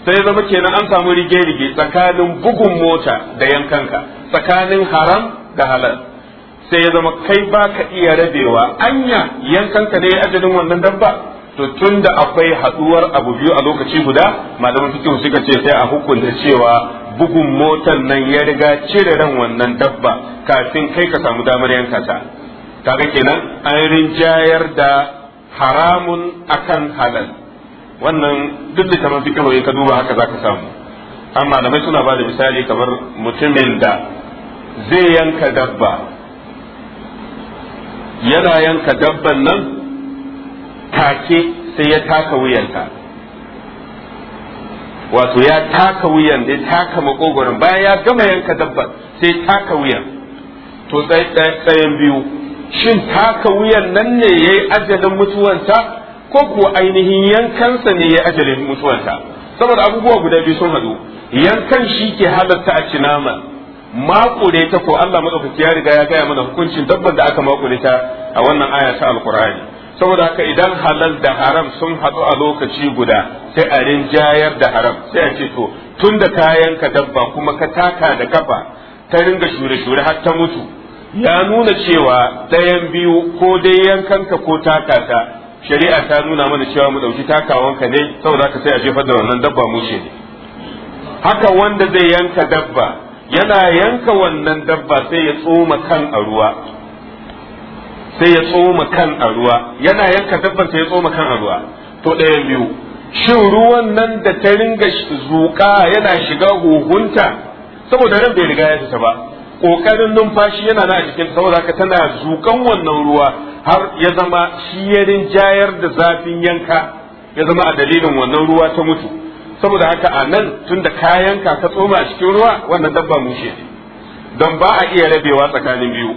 sai zama kenan an samu rige-rige tsakanin bugun mota da yankanka tsakanin haram da halal sai ya zama kai ba ka iya rabewa anya yankanka ne ajalin wannan dabba to tun da akwai haduwar abu biyu a lokaci guda malaman fikihu suka ce sai a hukunta cewa bugun motar nan ya riga cire ran wannan dabba kafin kai ka samu damar yanka ta kaga kenan an rinjayar da haramun akan halal wannan duk da kamar fikihu ka duba haka zaka samu amma malamai suna ba da misali kamar mutumin da zai yanka dabba yana yanka dabban nan take sai ya taka wuyanta wato ya taka wuyan dai taka makogoron bayan ya gama yanka dabban sai taka wuyan to tsayen biyu shin taka wuyan nan ne ya yi ajalin mutuwanta ko kuwa ainihin yankansa ne ya yi ajalin mutuwanta saboda abubuwa guda biyu sun hadu yankan shi ke halatta a ci naman makure ta ko Allah madaukaki ya riga ya gaya mana hukuncin dabbar da aka makure ta a wannan aya ta alqur'ani saboda haka idan halal da haram sun haɗu a lokaci guda sai a rinjayar da haram sai a ce to tun da kayan ka dabba kuma ka taka da kafa ta ringa shure-shure har ta mutu ya nuna cewa ɗayan biyu ko dai yankan ka ko taka ta shari'a ta nuna mana cewa mu ɗauki takawanka ne saboda haka sai a jefar da wannan dabba mushe ne haka wanda zai yanka dabba yana yanka wannan dabba sai ya tsoma kan a ruwa sai ya tsoma kan a ruwa yana yanka dabban sai ya tsoma kan a ruwa to ɗaya biyu shin ruwan nan da ta ringa zuƙa yana shiga huhunta saboda ran bai riga ya fita ba ƙoƙarin numfashi yana na a cikin saboda haka tana zuƙan wannan ruwa har ya zama shi ya rinjayar da zafin yanka ya zama a dalilin wannan ruwa ta mutu saboda haka a nan tun da kayan ka tsoma a cikin ruwa wannan dabba mushe ce don ba a iya rabewa tsakanin biyu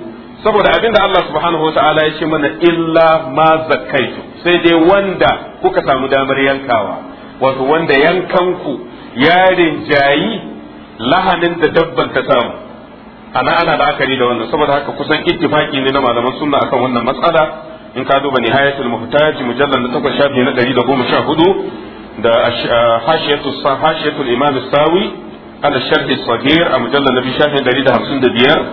saboda abin da Allah subhanahu wata'ala ya ce mana illa ma zakkaitu sai dai wanda kuka samu damar yankawa wato wanda yankanku ya rinjayi lahanin da dabban ka samu ana ana la'akari da wannan saboda haka kusan ittifaki ne na malaman sunna akan wannan matsala in ka duba nihayatul muhtaj mujallal na 8 shafi na 114 da hashiyatul imam sawi ala sharhi sagir a mujallar nabi da biyar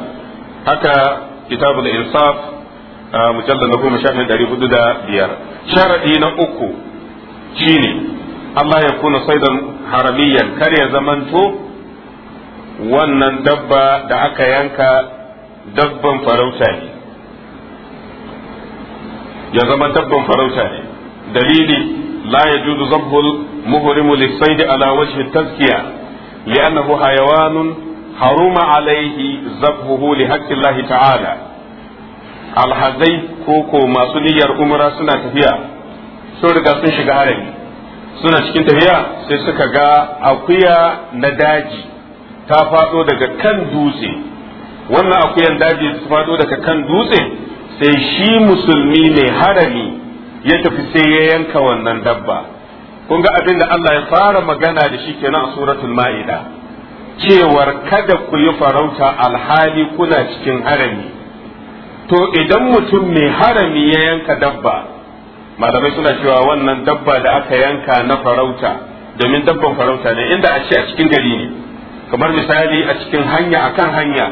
haka kitabul insaf a mujallar na goma da biyar. sharadi na uku shine Allah ya kuna saidan haramiyan kar ya zamanto wannan dabba da aka yanka dabban farauta ne ya zama dabban farauta ne dalili لا يجوز ذبح المهرم للصيد على وجه التزكية hayawanun haruma alaihi عليه ذبحه لحق الله تعالى alhazai koko masu niyyar umra suna tafiya sun riga sun shiga hadari suna cikin tafiya sai suka ga akuya na daji ta faɗo daga kan dutse wannan akuyan daji ta faɗo daga kan dutse sai shi musulmi mai hadari. ya tafi sai ya yanka wannan dabba kun ga abin da Allah ya fara magana da shi kenan a suratul ma'ida cewar kada ku yi farauta alhali kuna cikin harami to idan mutum mai harami ya yanka dabba malamai suna cewa wannan dabba da aka yanka na farauta domin dabban farauta ne inda a ce a cikin gari ne kamar misali a cikin hanya akan hanya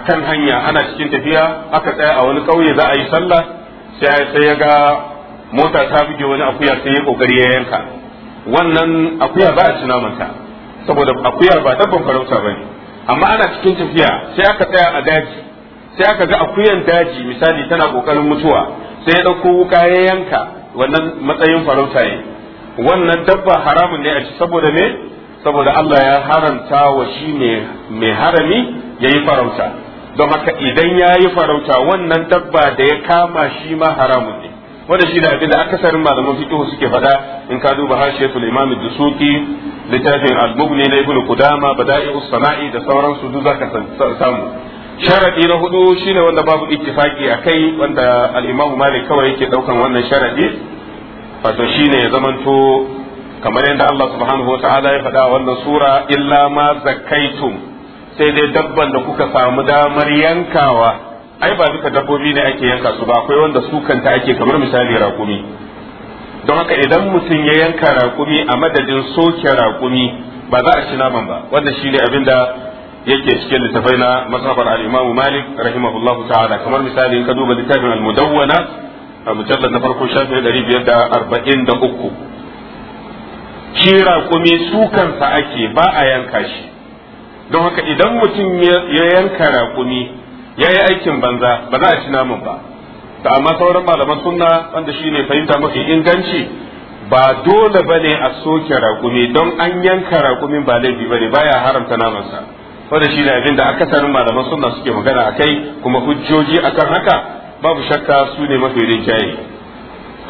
akan hanya ana cikin tafiya aka tsaya a wani ƙauye za a yi sallah sai sai ya ga mota ta buge wani akuya sai ya kokari ya yanka wannan akuya ba a ci namanta saboda akuya ba dabban farauta ba ne amma ana cikin tafiya sai aka tsaya a daji sai aka ga akuyan daji misali tana kokarin mutuwa sai ya ɗauko wuka ya yanka wannan matsayin farauta ne wannan dabba haramun ne a ci saboda me saboda Allah ya haramta wa shi mai harami yayi yi farauta don haka idan ya yi farauta wannan dabba da ya kama shi ma haramun ne wanda shi da abin da akasarin malaman fiqh suke faɗa in ka duba hashiyatul imam dusuki littafin al-mughni na ibn qudama bada'i'us sana'i da sauran su duk zaka samu sharadi na hudu shine wanda babu ittifaki akai wanda al-imam malik kawai yake daukan wannan sharadi wato shine ya zamanto kamar yadda Allah subhanahu wa ta'ala ya faɗa wannan sura illa ma sai dai dabban da kuka samu damar yankawa ai ba duka dabbobi ne ake yanka su ba akwai wanda su kanta ake kamar misali raƙumi don haka idan mutum ya yanka raƙumi a madadin soke raƙumi ba za a ci naman ba wanda shi ne abin da yake cikin littafai na masabar al imamu malik rahimahullahu ta'ala kamar misali in ka duba littafin al-mudawwana a mujallad na farko shafi uku. shi raƙumi su kansa ake ba a yanka shi don haka idan mutum ya yanka raƙumi ya yi aikin banza ba za a ci naman ba ta amma sauran malaman sunna wanda shi ne fahimta mafi inganci ba dole ba ne a soke raƙumi don an yanka raƙumin ba laifi ba ne baya haramta namansa wanda shi ne abin da akasarin malaman sunna suke magana a kai kuma hujjoji akan haka babu shakka su ne mafi rinjaye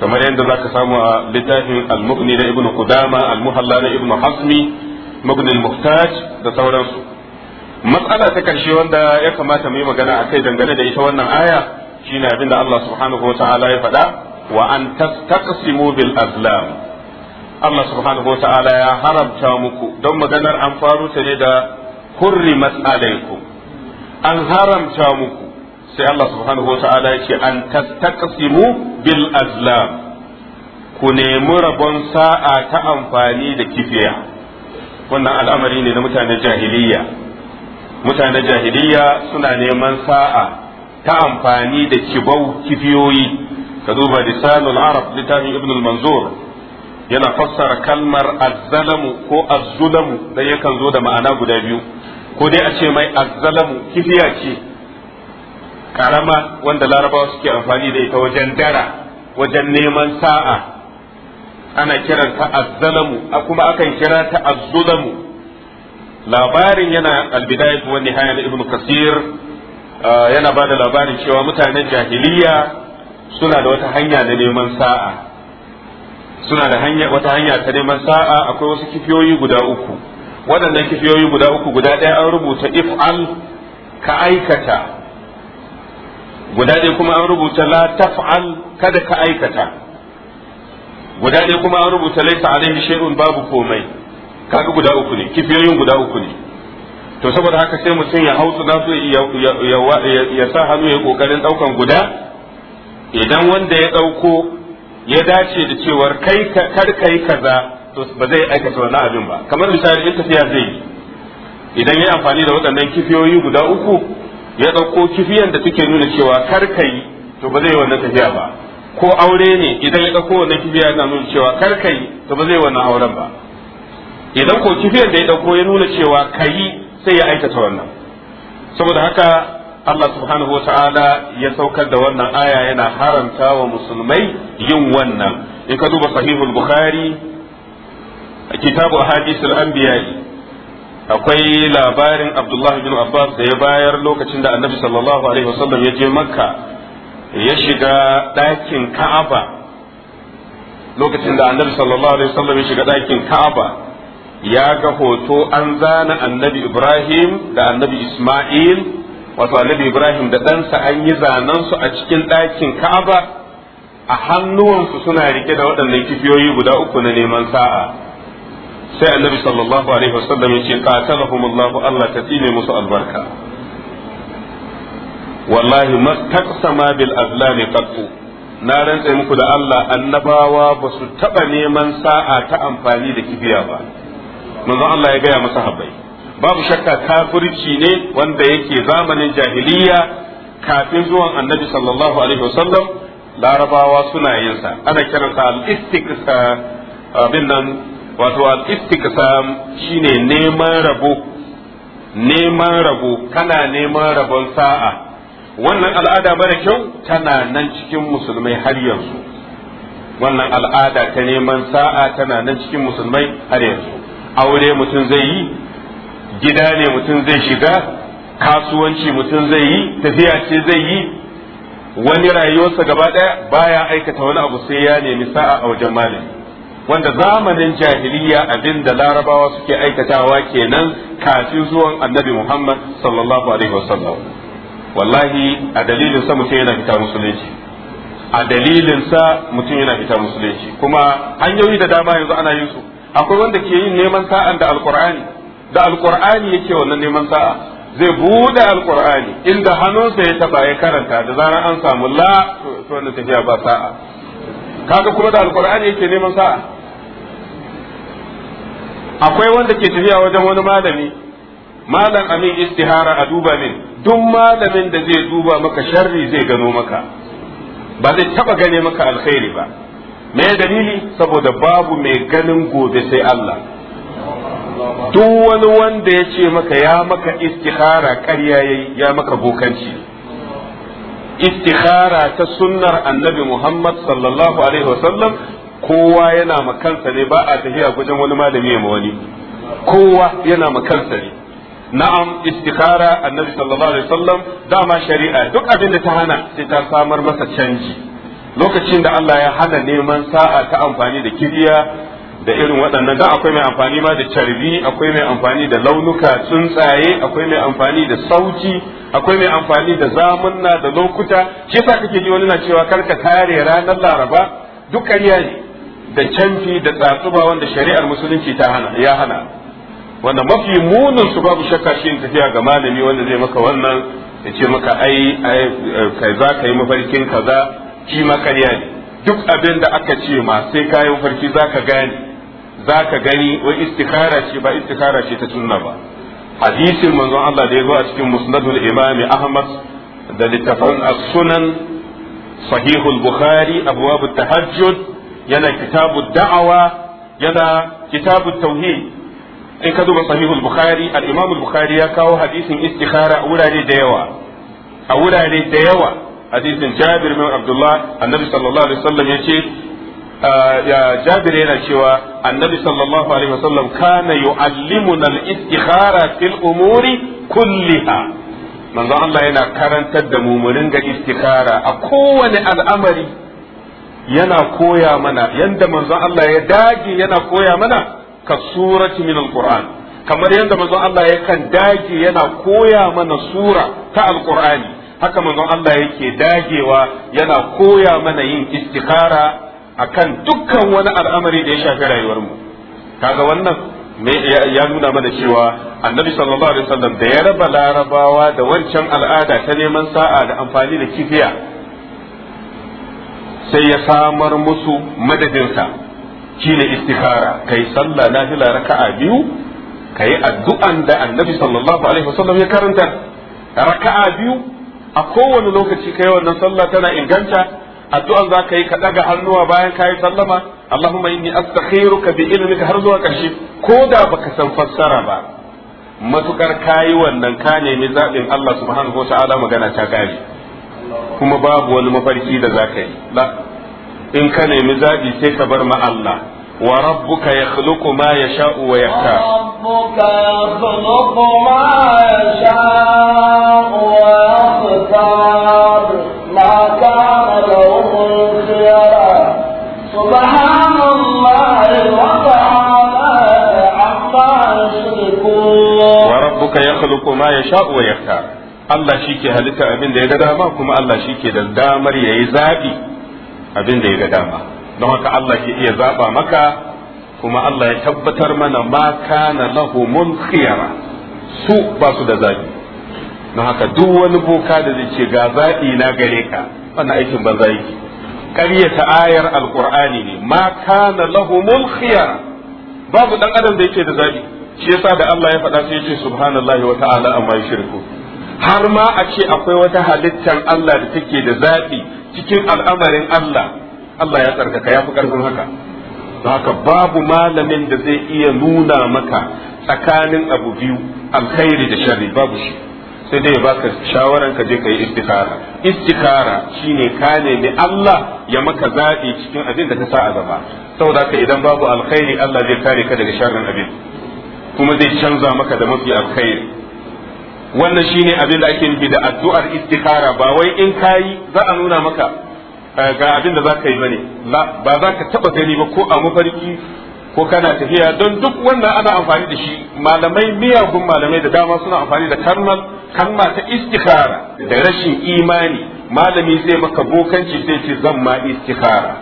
kamar yadda za ka samu a littafin al na ibnu qudama al na ibnu hasmi mughni muhtaj da sauransu matsala ta karshe wanda ya kamata mu yi magana a kai dangane da ita wannan aya shine abin da Allah subhanahu wa ta'ala ya faɗa wa an tastaqsimu bil azlam Allah subhanahu wa ta'ala ya haramta muku don maganar an faru ta ne da hurri alaikum an haramta muku sai Allah subhanahu wa ta'ala ya ce an tastaqsimu bil azlam ku nemi rabon sa'a ta amfani da kifiya wannan al'amari ne na mutanen jahiliya mutanen jahiliya suna neman sa'a ta amfani da kibau kifiyoyi ka duba lisanul arab littafin ibn manzur yana fassara kalmar azzalamu ko azzulamu da yakan zo da ma'ana guda biyu ko dai a ce mai azzalamu kifiya ce karama wanda larabawa suke amfani da ita wajen dara wajen neman sa'a ana kiranta azzalamu kuma akan kira ta azzulamu labarin yana albidai wa nihaya na ibnu kasir yana ba da labarin cewa mutanen jahiliya suna da wata hanya da neman sa'a suna da hanya wata hanya ta neman sa'a akwai wasu kifiyoyi guda uku waɗannan kifiyoyi guda uku guda ɗaya an rubuta if'al ka aikata guda ɗaya kuma an rubuta la taf'al kada ka aikata guda ɗaya kuma an rubuta laisa alaihi shay'un babu komai kaga guda uku ne kifiyoyin guda uku ne to saboda haka sai mutum ya hau na so ya sa hannu ya kokarin daukan guda idan wanda ya dauko ya dace da cewar kai kar kai kaza to ba zai aikata wannan abin ba kamar misali in tafiya zai yi idan ya amfani da waɗannan kifiyoyi guda uku ya dauko kifiyan da take nuna cewa kar kai to ba zai wannan tafiya ba ko aure ne idan ya dauko wannan kifiya yana nuna cewa kar kai to ba zai wannan auren ba idan ko kifiyar da ya dauko ya nuna cewa kayi sai ya aikata wannan saboda haka Allah subhanahu wa ta'ala ya saukar da wannan aya yana haramta wa musulmai yin wannan in ka duba sahihul bukhari a kitabu ahadithul anbiya akwai labarin Abdullah bin Abbas da ya bayar lokacin da Annabi sallallahu alaihi wasallam ya je Makka ya shiga ɗakin Ka'aba lokacin da Annabi sallallahu alaihi wasallam ya shiga ɗakin Ka'aba ya ga hoto an zana annabi Ibrahim da annabi Ismail wato annabi Ibrahim da ɗansa an yi zanensu a cikin ɗakin Ka'aba a hannuwansu suna rike da waɗannan kifiyoyi guda uku na neman sa'a sai annabi sallallahu alaihi wasallam ya ce qatalahumullahu Allah ta tsine musu albarka wallahi mastaqsama bil azlami qattu na rantse muku da Allah annabawa ba su taɓa neman sa'a ta amfani da kibiya ba manzo Allah ya gaya masa habbai babu shakka kafirci ne wanda yake zamanin jahiliya kafin zuwan annabi sallallahu alaihi wasallam larabawa suna yin sa ana kiransa al-istiqsa abin nan wato al-istiqsam shine neman rabo neman rabo kana neman rabon sa'a wannan al'ada mara kyau tana nan cikin musulmai har yanzu wannan al'ada ta neman sa'a tana nan cikin musulmai har yanzu aure mutum zai yi gida ne mutum zai shiga kasuwanci mutum zai yi tafiya ce zai yi wani rayuwarsa gaba ɗaya baya aikata wani abu sai ya nemi sa'a a wajen malami wanda zamanin jahiliya abin da larabawa suke aikatawa kenan kafin zuwan annabi muhammad sallallahu alaihi wasallam wallahi a dalilin sa mutum yana fita musulunci a dalilin sa mutum yana fita musulunci kuma hanyoyi da dama yanzu ana yin su akwai wanda ke yin neman sa'an da alkur'ani da alkur'ani yake wannan neman sa'a zai bude alkur'ani inda hannunsa ya taba ya karanta da zaran an samu la to wannan tafiya ba sa'a kaga kuma da alkur'ani yake neman sa'a akwai wanda ke tafiya wajen wani malami malam amin istihara a duba min duk malamin da zai duba maka sharri zai gano maka ba zai taba gane maka alkhairi ba me dalili saboda babu mai ganin gobe sai Allah duk wani wanda ya ce maka ya maka istikhara ƙarya yayi ya maka bokanci istikhara ta sunnar annabi Muhammad sallallahu alaihi wasallam kowa yana makansa ne ba a tafiya gujen wani malami ma wani kowa yana makansa ne na'am istikhara annabi sallallahu alaihi wasallam dama shari'a duk abin da ta hana sai ta samar masa canji lokacin da Allah ya hana neman sa'a ta amfani da kibiya da irin waɗannan da akwai mai amfani ma da carbi akwai mai amfani da launuka tsuntsaye akwai mai amfani da sauti akwai mai amfani da zamunna da lokuta shi yasa kake ji wani na cewa ka tare ranar laraba duk ƙarya ne da canfi da tsatsuba wanda shari'ar musulunci ta hana ya hana wanda mafi munin su babu shakka shi tafiya ga malami wanda zai maka wannan ya ce maka ai eh, kai za ka yi mafarkin kaza shi ma ne duk abin da aka ce ma sai kayan farki za ka gane za ka gani wai istikhara ce ba istikhara ce ta sunna ba hadisin manzon Allah da ya zo a cikin musnadul imami Ahmad da littafan as-sunan sahihul bukhari abwab tahajjud yana kitabud da'awa yana kitabut tauhid in ka duba sahihul bukhari al-imam al-bukhari ya kawo hadisin istikhara a wurare da yawa a wurare da yawa hadisin Jabir bin Abdullah annabi sallallahu alaihi wasallam yace ah, ya Jabir yana cewa annabi sallallahu alaihi wasallam kana yu'allimuna al-istikhara fil umuri kulliha manzo Allah yana karantar da mu mu ringa istikhara a kowane al'amari yana koya mana yanda manzo Allah ya dage yana koya mana ka surati min al-Qur'an kamar yanda manzo Allah kan dage yana koya mana sura ta al-Qur'ani haka manzon Allah yake dagewa yana koya mana yin istikhara akan dukkan wani al'amari da ya shafi rayuwarmu kaga wannan ya nuna mana cewa annabi sallallahu alaihi wasallam da ya raba larabawa da wancan al'ada ta neman sa'a da amfani da kifiya sai ya samar musu madadinsa shine istikhara kai sallah nafila raka'a biyu kai addu'an da annabi sallallahu alaihi wasallam ya karanta raka'a biyu a kowane lokaci kai wannan sallah tana inganta addu'an za ka yi ka ɗaga hannuwa bayan ka yi sallama Allahumma inni astakhiruka bi ilmika har zuwa ƙarshe ko da baka san fassara ba matukar kayi wannan ka nemi zaɓin Allah subhanahu wa magana ta gari kuma babu wani mafarki da za ka yi in ka nemi zaɓi sai ka bar ma Allah وربك يخلق ما يشاء ويختار وربك يخلق ما يشاء ويختار ما كان لهم الخيار سبحان الله وتعالى عما يشركون وربك يخلق ما يشاء ويختار Allah shi ke halitta abin da ya ga dama kuma Allah shi ke da damar ya yi zaɓi abin da ya ga dama. don haka Allah ke iya zaba maka kuma Allah ya tabbatar mana ma kana lahumul khiyara su ba su da zabi don haka duk wani boka da zai ce ga zabi na gare ka wannan aikin banza yake ƙaryata ayar alqur'ani ne ma kana lahumul khiyara babu dan adam da yake da zabi shi yasa da Allah ya faɗa sai ya ce subhanallahi wa ta'ala amma yushriku har ma a ce akwai wata halittar Allah da take da zabi cikin al'amarin Allah Allah ya tsarkaka ya fi karfin haka haka babu malamin da zai iya nuna maka tsakanin abu biyu alkhairi da sharri babu shi sai dai ya baka shawaran ka je ka yi istikara istikara shine ka nemi Allah ya maka zaɓi cikin abin da ka sa a gaba saboda ka idan babu alkhairi Allah zai kare ka daga sharrin abin kuma zai canza maka da mafi alkhairi wannan shine abin da ake nufi da addu'ar istikara ba wai in kayi za a nuna maka Eh, ga abin da za ka yi bane ba za ka taba gani ba ko a mafarki ko kana tafiya don duk wannan ana amfani da shi malamai miyagun malamai da dama suna amfani da kalmar kalma ta istikhara da rashin imani malami zai maka bokanci zai ce zan ma istikhara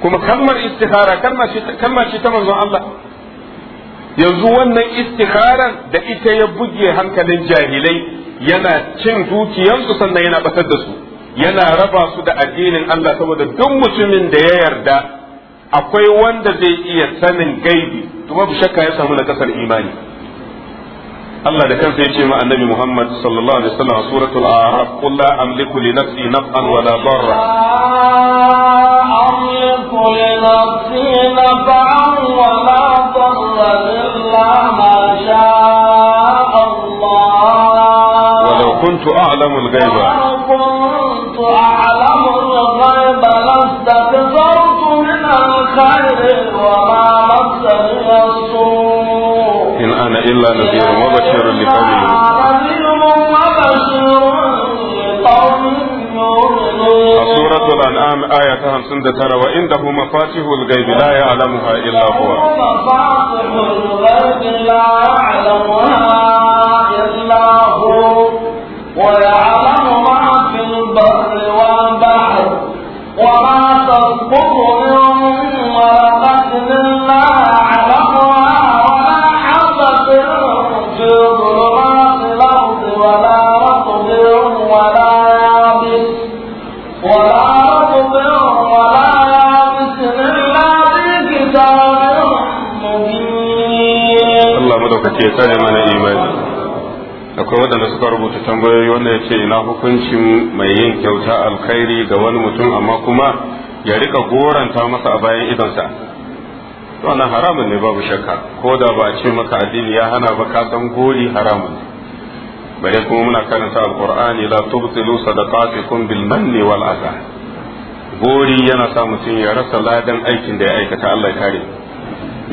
kuma kalmar istikhara kalma ce ta manzon Allah yanzu wannan istikharan da ita ya buge hankalin jahilai yana cin dukiyansu sannan yana batar da su yana raba su da addinin Allah saboda duk mutumin da ya yarda akwai wanda zai iya sanin gaibi to babu shakka ya samu na kasar imani Allah da kansa ya ce ma annabi Muhammad sallallahu alaihi wasallam a suratul a'raf qul la amliku li nafsi naf'an wa la darra amliku li nafsi naf'an wa la darra illa ma sha'a Allah wa law kuntu a'lamu al-ghaiba أعلم الغيب من الخير وما مسني السوء إن أنا إلا نذير وبشير لقوم نذير وبشير سورة الأنعام آية 59 وعنده مفاتيح الغيب لا يعلمها إلا هو مفاتيح الغيب لا يعلمها إلا هو ويعلم ke sani mana imani akwai waɗanda suka rubuta tambayoyi wanda ya ce ina hukuncin mai yin kyauta alkhairi ga wani mutum amma kuma ya rika goranta masa a bayan idonsa wannan haramun ne babu shakka ko da ba a ce maka addini ya hana ba ka san gori haramun bare kuma muna karanta alqur'ani la tubtilu sadaqatikum bil manni wal adha gori yana sa mutum ya rasa ladan aikin da ya aikata Allah ya kare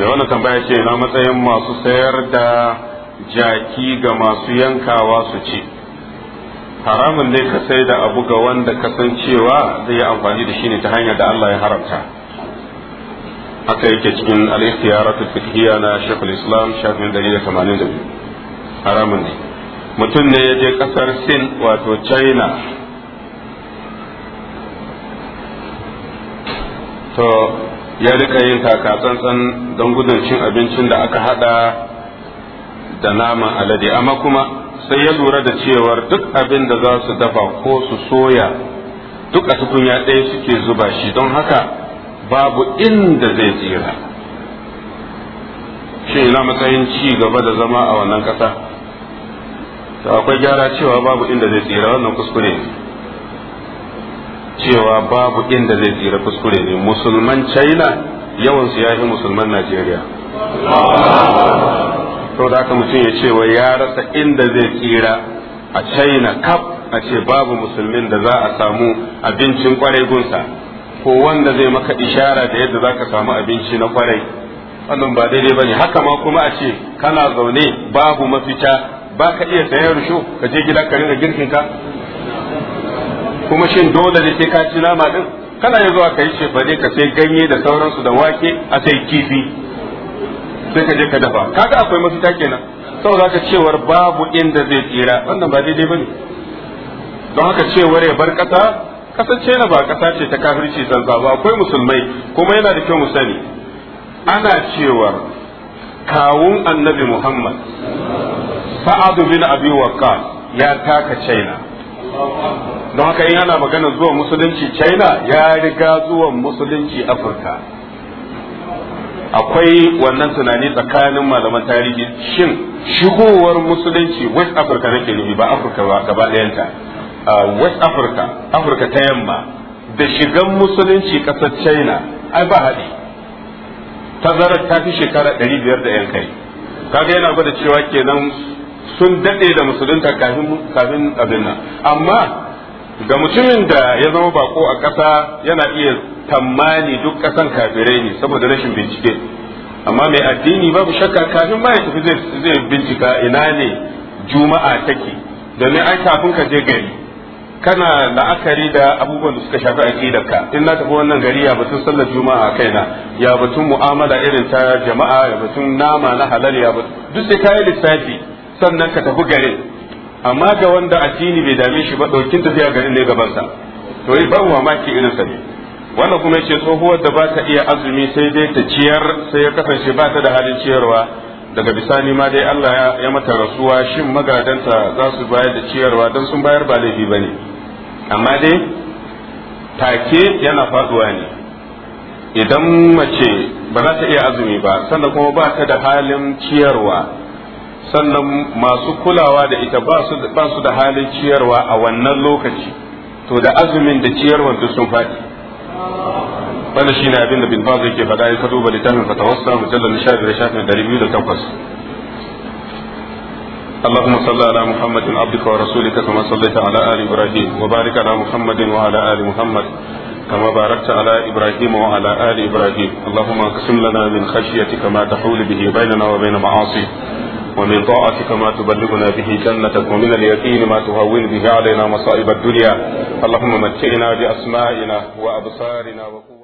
me wannan tambaya ce na matsayin masu sayar da jaki ga masu yankawa su ce haramun ne ka sai da abu ga wanda kasancewa zai yi amfani da shi ne ta hanyar da Allah ya haramta haka yake cikin al-ikhtiyaratu fiqhiyya na Sheikh islam shafin 182 haramun ne mutum ne ya je kasar Sin wato China to ya rika yin tsantsan don gudun cin abincin da aka hada da naman alade amma kuma sai ya lura da cewar duk abin da za su dafa ko su soya duk a tukunya ɗaya suke zuba shi don haka babu inda zai tsira shi ina matsayin ci gaba da zama a wannan ƙasa to akwai gyara cewa babu inda zai tsira wannan kuskure ne cewa babu inda zai tsira kuskure ne musulman china yawansu ya fi musulman najeriya da haka mutum ya ce wa ya rasa inda zai tsira a china kaf a ce babu musulmin da za a samu abincin kwarai gunsa ko wanda zai maka ishara da yadda za ka samu abinci na kwarai wannan ba daidai ba ne haka ma kuma a ce kana zaune babu mafita ba ka iya sayan rusho ka je gida ka rinka ka kuma shin dole ne sai ka ci nama din kana ya zuwa ka yi ce ka sai ganye da sauransu da wake a sai kifi sai ka je ka dafa kaga akwai mafita kenan za ka cewar babu inda zai tsira wannan ba daidai bane don haka cewar ya bar kasa kasance na ba kasa ce ta kafirci zalba ba akwai musulmai kuma yana da kyau mu sani ana cewar kawun annabi muhammad sa'ad bin abi waqqas ya taka china don haka in ana magana zuwa musulunci china ya riga zuwa musulunci afirka akwai wannan tunani tsakanin malaman tarihi shin shigowar musulunci west africa nake nufi ba africa ba gaba ɗayanta west africa africa ta yamma da shigan musulunci ƙasar china ai ba haɗi tazarar ta fi shekara ɗari biyar da kai kaga yana gwada cewa kenan sun daɗe da musulunta kafin abin nan amma ga mutumin da ya zama bako a ƙasa yana iya tammani duk kasan kafirai ne saboda rashin bincike amma mai addini babu shakka kafin ma ya tafi zai bincika ina ne juma'a take domin ai kafin ka je gari kana la'akari da abubuwan da suka shafi aqidar ka in na tafi wannan gari ya batun sallar juma'a na. ya batun mu'amala irin ta jama'a ya batun nama na halal ya batun duk sai kayi lissafi sannan ka tafi garin amma ga wanda addini bai dame shi ba zai tafiya garin ne gabansa to yi babu mamaki irin sa ne wannan kuma yace tsohuwar da ba ta iya azumi sai dai ta ciyar sai ya kasance ba ta da halin ciyarwa daga bisani ma dai Allah ya mata rasuwa shin magadanta za su bayar da ciyarwa don sun bayar ba laifi ba ne amma dai take yana faduwa ne idan mace ba za ta iya azumi ba sannan kuma ba ta da halin ciyarwa sannan masu kulawa da ita ba su da halin ciyarwa a wannan lokaci to da azumin da ciyarwa sun faɗi wanda shine abin da bin baz yake faɗa ya duba littafin fatawassa mujallal shafi da shafin dari biyu da takwas اللهم صل على محمد عبدك ورسولك كما صليت على ال ابراهيم وبارك على محمد وعلى ال محمد كما باركت على إبراهيم وعلى آل إبراهيم اللهم اقسم لنا من خشيتك ما تحول به بيننا وبين معاصيك ومن طاعتك ما تبلغنا به جنتك ومن اليقين ما تهون به علينا مصائب الدنيا اللهم متعنا بأسمائنا وأبصارنا وقوتنا